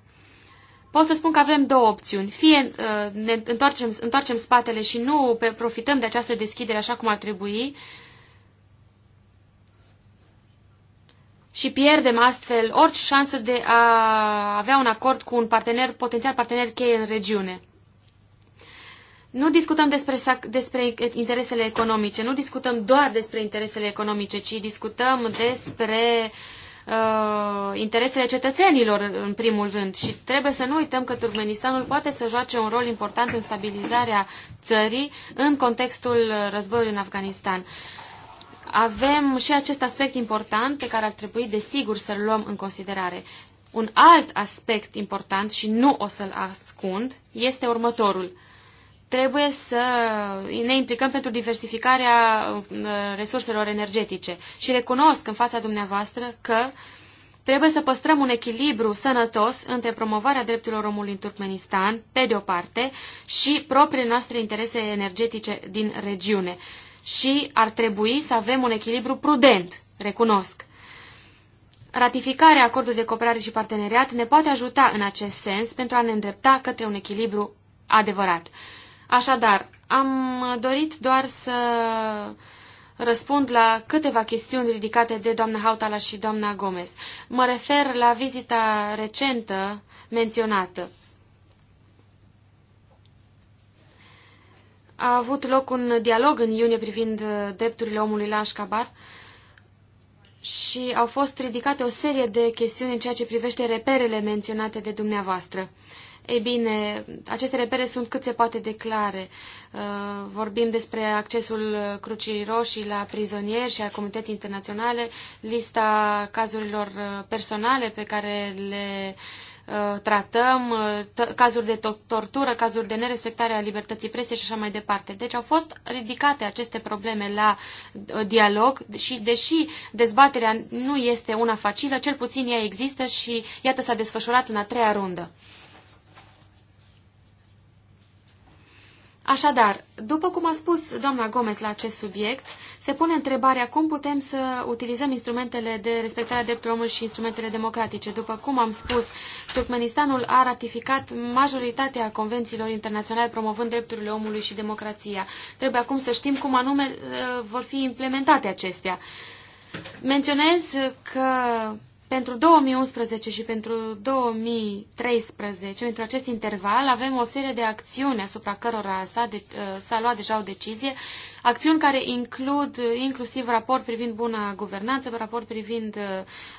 pot să spun că avem două opțiuni. Fie uh, ne întoarcem, întoarcem spatele și nu profităm de această deschidere așa cum ar trebui și pierdem astfel orice șansă de a avea un acord cu un partener, potențial partener cheie în regiune. Nu discutăm despre, despre interesele economice, nu discutăm doar despre interesele economice, ci discutăm despre Uh, interesele cetățenilor, în primul rând. Și trebuie să nu uităm că Turkmenistanul poate să joace un rol important în stabilizarea țării în contextul războiului în Afganistan. Avem și acest aspect important pe care ar trebui, desigur, să-l luăm în considerare. Un alt aspect important, și nu o să-l ascund, este următorul – trebuie să ne implicăm pentru diversificarea uh, resurselor energetice. Și recunosc în fața dumneavoastră că trebuie să păstrăm un echilibru sănătos între promovarea drepturilor omului în Turkmenistan, pe de o parte, și propriile noastre interese energetice din regiune. Și ar trebui să avem un echilibru prudent, recunosc. Ratificarea acordului de cooperare și parteneriat ne poate ajuta în acest sens pentru a ne îndrepta către un echilibru adevărat. Așadar, am dorit doar să răspund la câteva chestiuni ridicate de doamna Hautala și doamna Gomez. Mă refer la vizita recentă menționată. A avut loc un dialog în iunie privind drepturile omului la Așcabar și au fost ridicate o serie de chestiuni în ceea ce privește reperele menționate de dumneavoastră. Ei bine, aceste repere sunt cât se poate de clare. Uh, vorbim despre accesul Crucii Roșii la prizonieri și a comunității internaționale, lista cazurilor uh, personale pe care le uh, tratăm, cazuri de tortură, cazuri de nerespectare a libertății presei și așa mai departe. Deci au fost ridicate aceste probleme la dialog și deși dezbaterea nu este una facilă, cel puțin ea există și iată s-a desfășurat în a treia rundă. Așadar, după cum a spus doamna Gomez la acest subiect, se pune întrebarea cum putem să utilizăm instrumentele de respectare a drepturilor omului și instrumentele democratice. După cum am spus, Turkmenistanul a ratificat majoritatea convențiilor internaționale promovând drepturile omului și democrația. Trebuie acum să știm cum anume uh, vor fi implementate acestea. Menționez că pentru 2011 și pentru 2013, pentru acest interval, avem o serie de acțiuni asupra cărora s-a, de, uh, s-a luat deja o decizie, acțiuni care includ uh, inclusiv raport privind buna guvernanță, raport privind uh,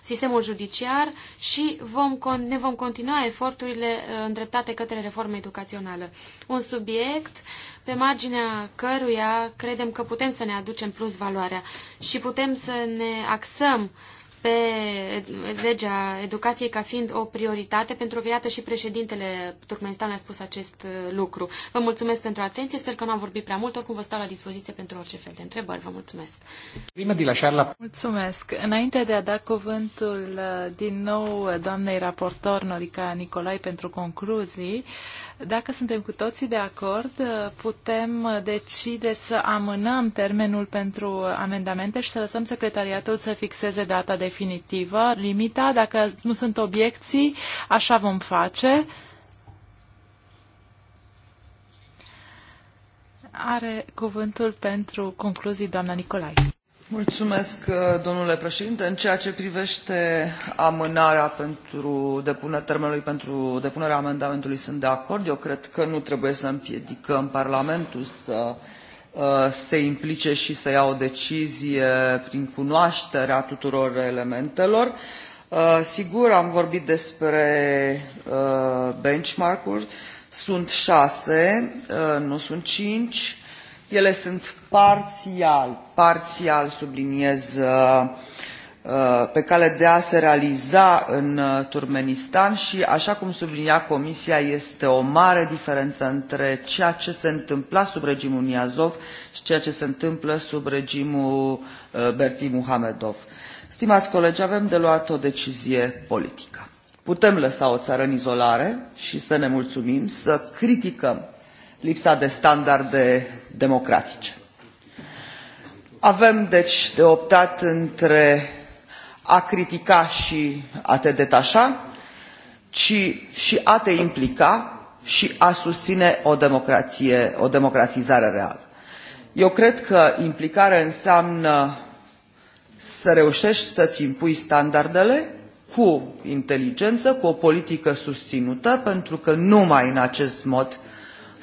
sistemul judiciar și vom, ne vom continua eforturile îndreptate către reforma educațională. Un subiect pe marginea căruia credem că putem să ne aducem plus valoarea și putem să ne axăm uh, pe legea educației ca fiind o prioritate, pentru că, iată, și președintele Turkmenistanului a spus acest uh, lucru. Vă mulțumesc pentru atenție, sper că nu am vorbit prea mult, oricum vă stau la dispoziție pentru orice fel de întrebări. Vă mulțumesc. Mulțumesc. Înainte de a da cuvântul uh, din nou uh, doamnei raportor Norica Nicolai pentru concluzii, dacă suntem cu toții de acord, putem decide să amânăm termenul pentru amendamente și să lăsăm secretariatul să fixeze data definitivă, limita. Dacă nu sunt obiecții, așa vom face. Are cuvântul pentru concluzii doamna Nicolae. Mulțumesc, uh, domnule președinte. În ceea ce privește amânarea pentru termenului pentru depunerea amendamentului, sunt de acord. Eu cred că nu trebuie să împiedicăm Parlamentul să uh, se implice și să ia o decizie prin cunoașterea tuturor elementelor. Uh, sigur, am vorbit despre benchmark-uri. Sunt șase, nu sunt cinci ele sunt parțial, parțial subliniez, uh, uh, pe cale de a se realiza în uh, Turkmenistan și, așa cum sublinia Comisia, este o mare diferență între ceea ce se întâmpla sub regimul Niazov și ceea ce se întâmplă sub regimul Berti Muhamedov. Stimați colegi, avem de luat o decizie politică. Putem lăsa o țară în izolare și să ne mulțumim, să criticăm lipsa de standarde democratice. Avem, deci, de optat între a critica și a te detașa, ci și a te implica și a susține o democrație, o democratizare reală. Eu cred că implicarea înseamnă să reușești să-ți impui standardele cu inteligență, cu o politică susținută, pentru că numai în acest mod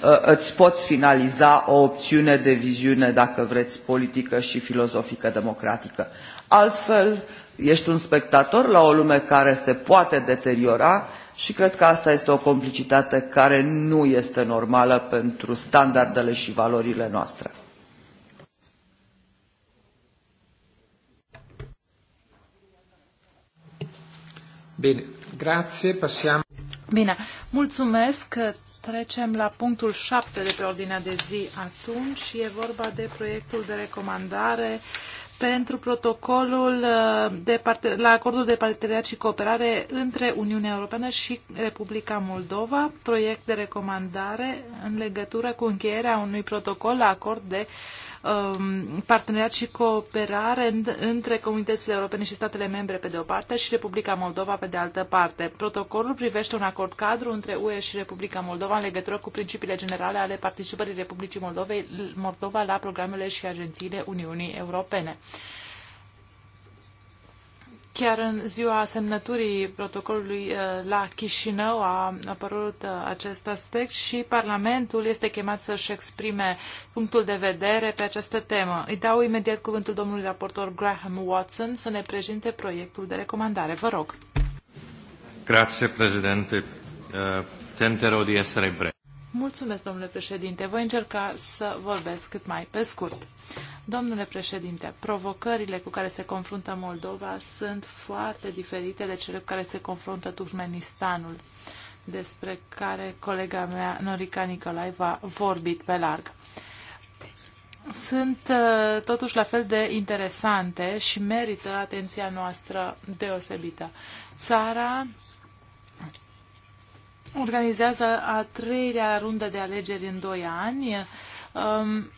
Uh, îți poți finaliza o opțiune de viziune, dacă vreți, politică și filozofică democratică. Altfel, ești un spectator la o lume care se poate deteriora și cred că asta este o complicitate care nu este normală pentru standardele și valorile noastre. Bine, grație, pasiam. Bine, mulțumesc. Trecem la punctul 7 de pe ordinea de zi atunci. E vorba de proiectul de recomandare pentru protocolul uh, de parte, la acordul de parteneriat și cooperare între Uniunea Europeană și Republica Moldova, proiect de recomandare în legătură cu încheierea unui protocol la acord de uh, Um, parteneriat și cooperare între comunitățile europene și statele membre pe de o parte și Republica Moldova pe de altă parte. Protocolul privește un acord cadru între UE și Republica Moldova în legătură cu principiile generale ale participării Republicii Moldovei, Moldova la programele și agențiile Uniunii Europene. Chiar în ziua semnăturii protocolului uh, la Chișinău a apărut uh, acest aspect și Parlamentul este chemat să-și exprime punctul de vedere pe această temă. Îi dau imediat cuvântul domnului raportor Graham Watson să ne prezinte proiectul de recomandare. Vă rog. Grazie, președinte. Uh, Tentero di essere breve. Mulțumesc, domnule președinte. Voi încerca să vorbesc cât mai pe scurt. Domnule președinte, provocările cu care se confruntă Moldova sunt foarte diferite de cele cu care se confruntă Turkmenistanul, despre care colega mea, Norica Nicolai, va vorbit pe larg sunt uh, totuși la fel de interesante și merită atenția noastră deosebită. Țara organizează a treilea rundă de alegeri în doi ani. Um,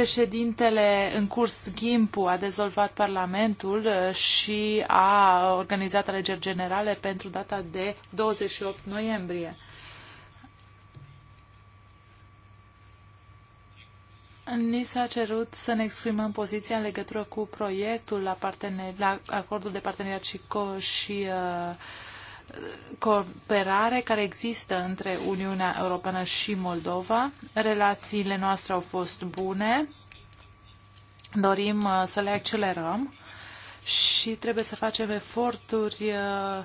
președintele în curs Gimpu a dezolvat Parlamentul uh, și a organizat alegeri generale pentru data de 28 noiembrie. Ni s-a cerut să ne exprimăm poziția în legătură cu proiectul la, partener, la acordul de parteneriat și, co- și uh, cooperare care există între Uniunea Europeană și Moldova. Relațiile noastre au fost bune, dorim uh, să le accelerăm și trebuie să facem eforturi uh,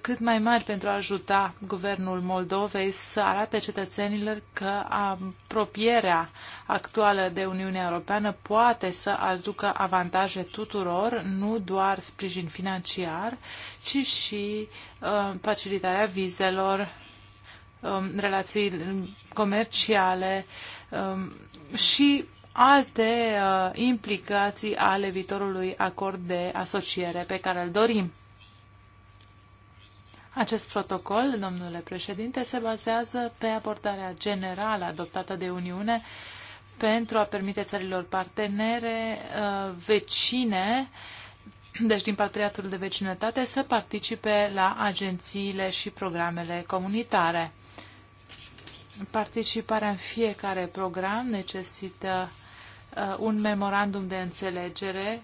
cât mai mari pentru a ajuta guvernul Moldovei să arate cetățenilor că apropierea actuală de Uniunea Europeană poate să aducă avantaje tuturor, nu doar sprijin financiar, ci și uh, facilitarea vizelor, um, relații comerciale um, și alte uh, implicații ale viitorului acord de asociere pe care îl dorim. Acest protocol, domnule președinte, se bazează pe abordarea generală adoptată de Uniune pentru a permite țărilor partenere uh, vecine, deci din parteneriatul de vecinătate, să participe la agențiile și programele comunitare. Participarea în fiecare program necesită uh, un memorandum de înțelegere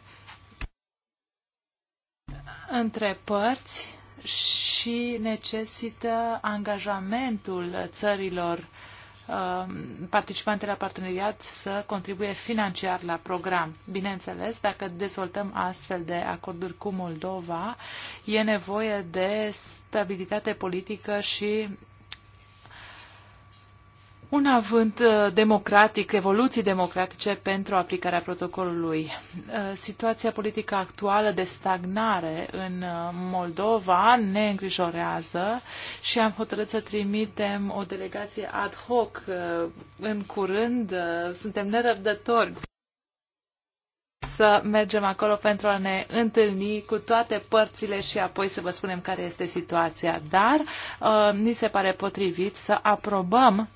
între părți și necesită angajamentul țărilor um, participante la parteneriat să contribuie financiar la program. Bineînțeles, dacă dezvoltăm astfel de acorduri cu Moldova, e nevoie de stabilitate politică și un avânt uh, democratic, evoluții democratice pentru aplicarea protocolului. Uh, situația politică actuală de stagnare în uh, Moldova ne îngrijorează și am hotărât să trimitem o delegație ad hoc în curând. Suntem nerăbdători să mergem acolo pentru a ne întâlni cu toate părțile și apoi să vă spunem care este situația. Dar uh, ni se pare potrivit să aprobăm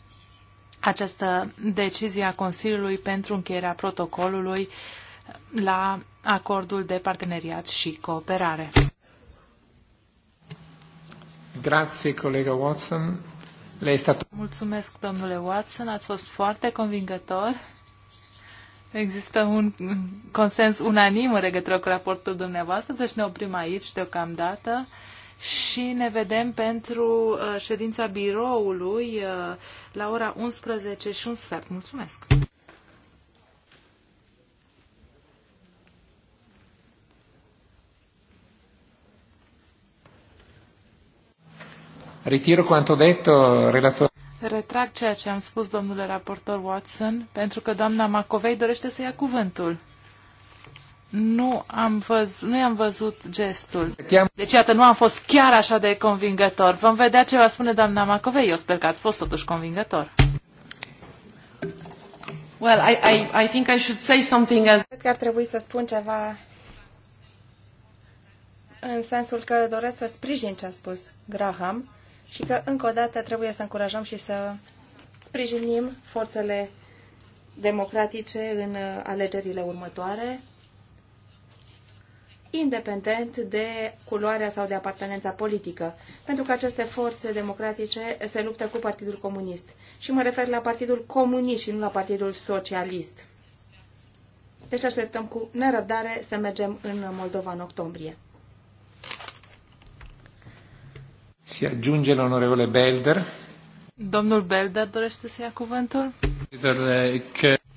această decizie a Consiliului pentru încheierea protocolului la acordul de parteneriat și cooperare. Grazie, colega Watson. Le stat... Mulțumesc, domnule Watson, ați fost foarte convingător. Există un consens unanim în legătură cu raportul dumneavoastră, deci ne oprim aici deocamdată și ne vedem pentru uh, ședința biroului uh, la ora 11 și un sfert. Mulțumesc! Ritiro quanto detto, relator. Retrag ceea ce am spus, domnule raportor Watson, pentru că doamna Macovei dorește să ia cuvântul. Nu am văz, nu am văzut gestul. Deci, iată, nu am fost chiar așa de convingător. Vom vedea ce va spune doamna Macovei. Eu sper că ați fost totuși convingător. Well, I, I, I think I should say something as... Cred că ar trebui să spun ceva în sensul că doresc să sprijin ce a spus Graham și că încă o dată trebuie să încurajăm și să sprijinim forțele democratice în uh, alegerile următoare independent de culoarea sau de apartenența politică, pentru că aceste forțe democratice se luptă cu Partidul Comunist. Și mă refer la Partidul Comunist și nu la Partidul Socialist. Deci așteptăm cu nerăbdare să mergem în Moldova în octombrie. Se ajunge la onorevole Belder. Domnul Belder dorește să ia cuvântul?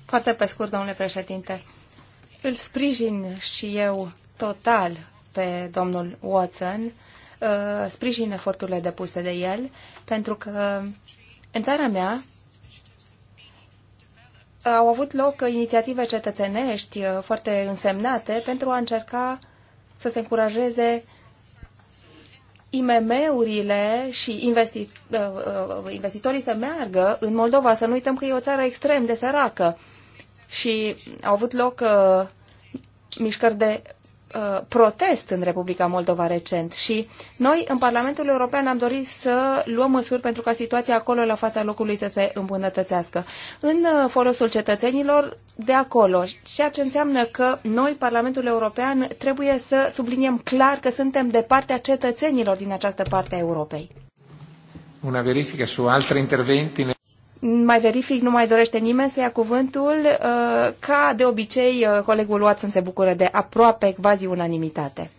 Foarte pe scurt, domnule președinte. Îl sprijin și eu total pe domnul Watson, uh, sprijin eforturile depuse de el, pentru că în țara mea au avut loc inițiative cetățenești uh, foarte însemnate pentru a încerca să se încurajeze IMM-urile și investi, uh, investitorii să meargă în Moldova. Să nu uităm că e o țară extrem de săracă și au avut loc mișcări de Uh, protest în Republica Moldova recent și noi în Parlamentul European am dorit să luăm măsuri pentru ca situația acolo la fața locului să se îmbunătățească în uh, folosul cetățenilor de acolo, ceea ce înseamnă că noi, Parlamentul European, trebuie să subliniem clar că suntem de partea cetățenilor din această parte a Europei. Una verifică su altri interventi mai verific, nu mai dorește nimeni să ia cuvântul. Uh, ca de obicei, uh, colegul Watson se bucură de aproape, quasi unanimitate.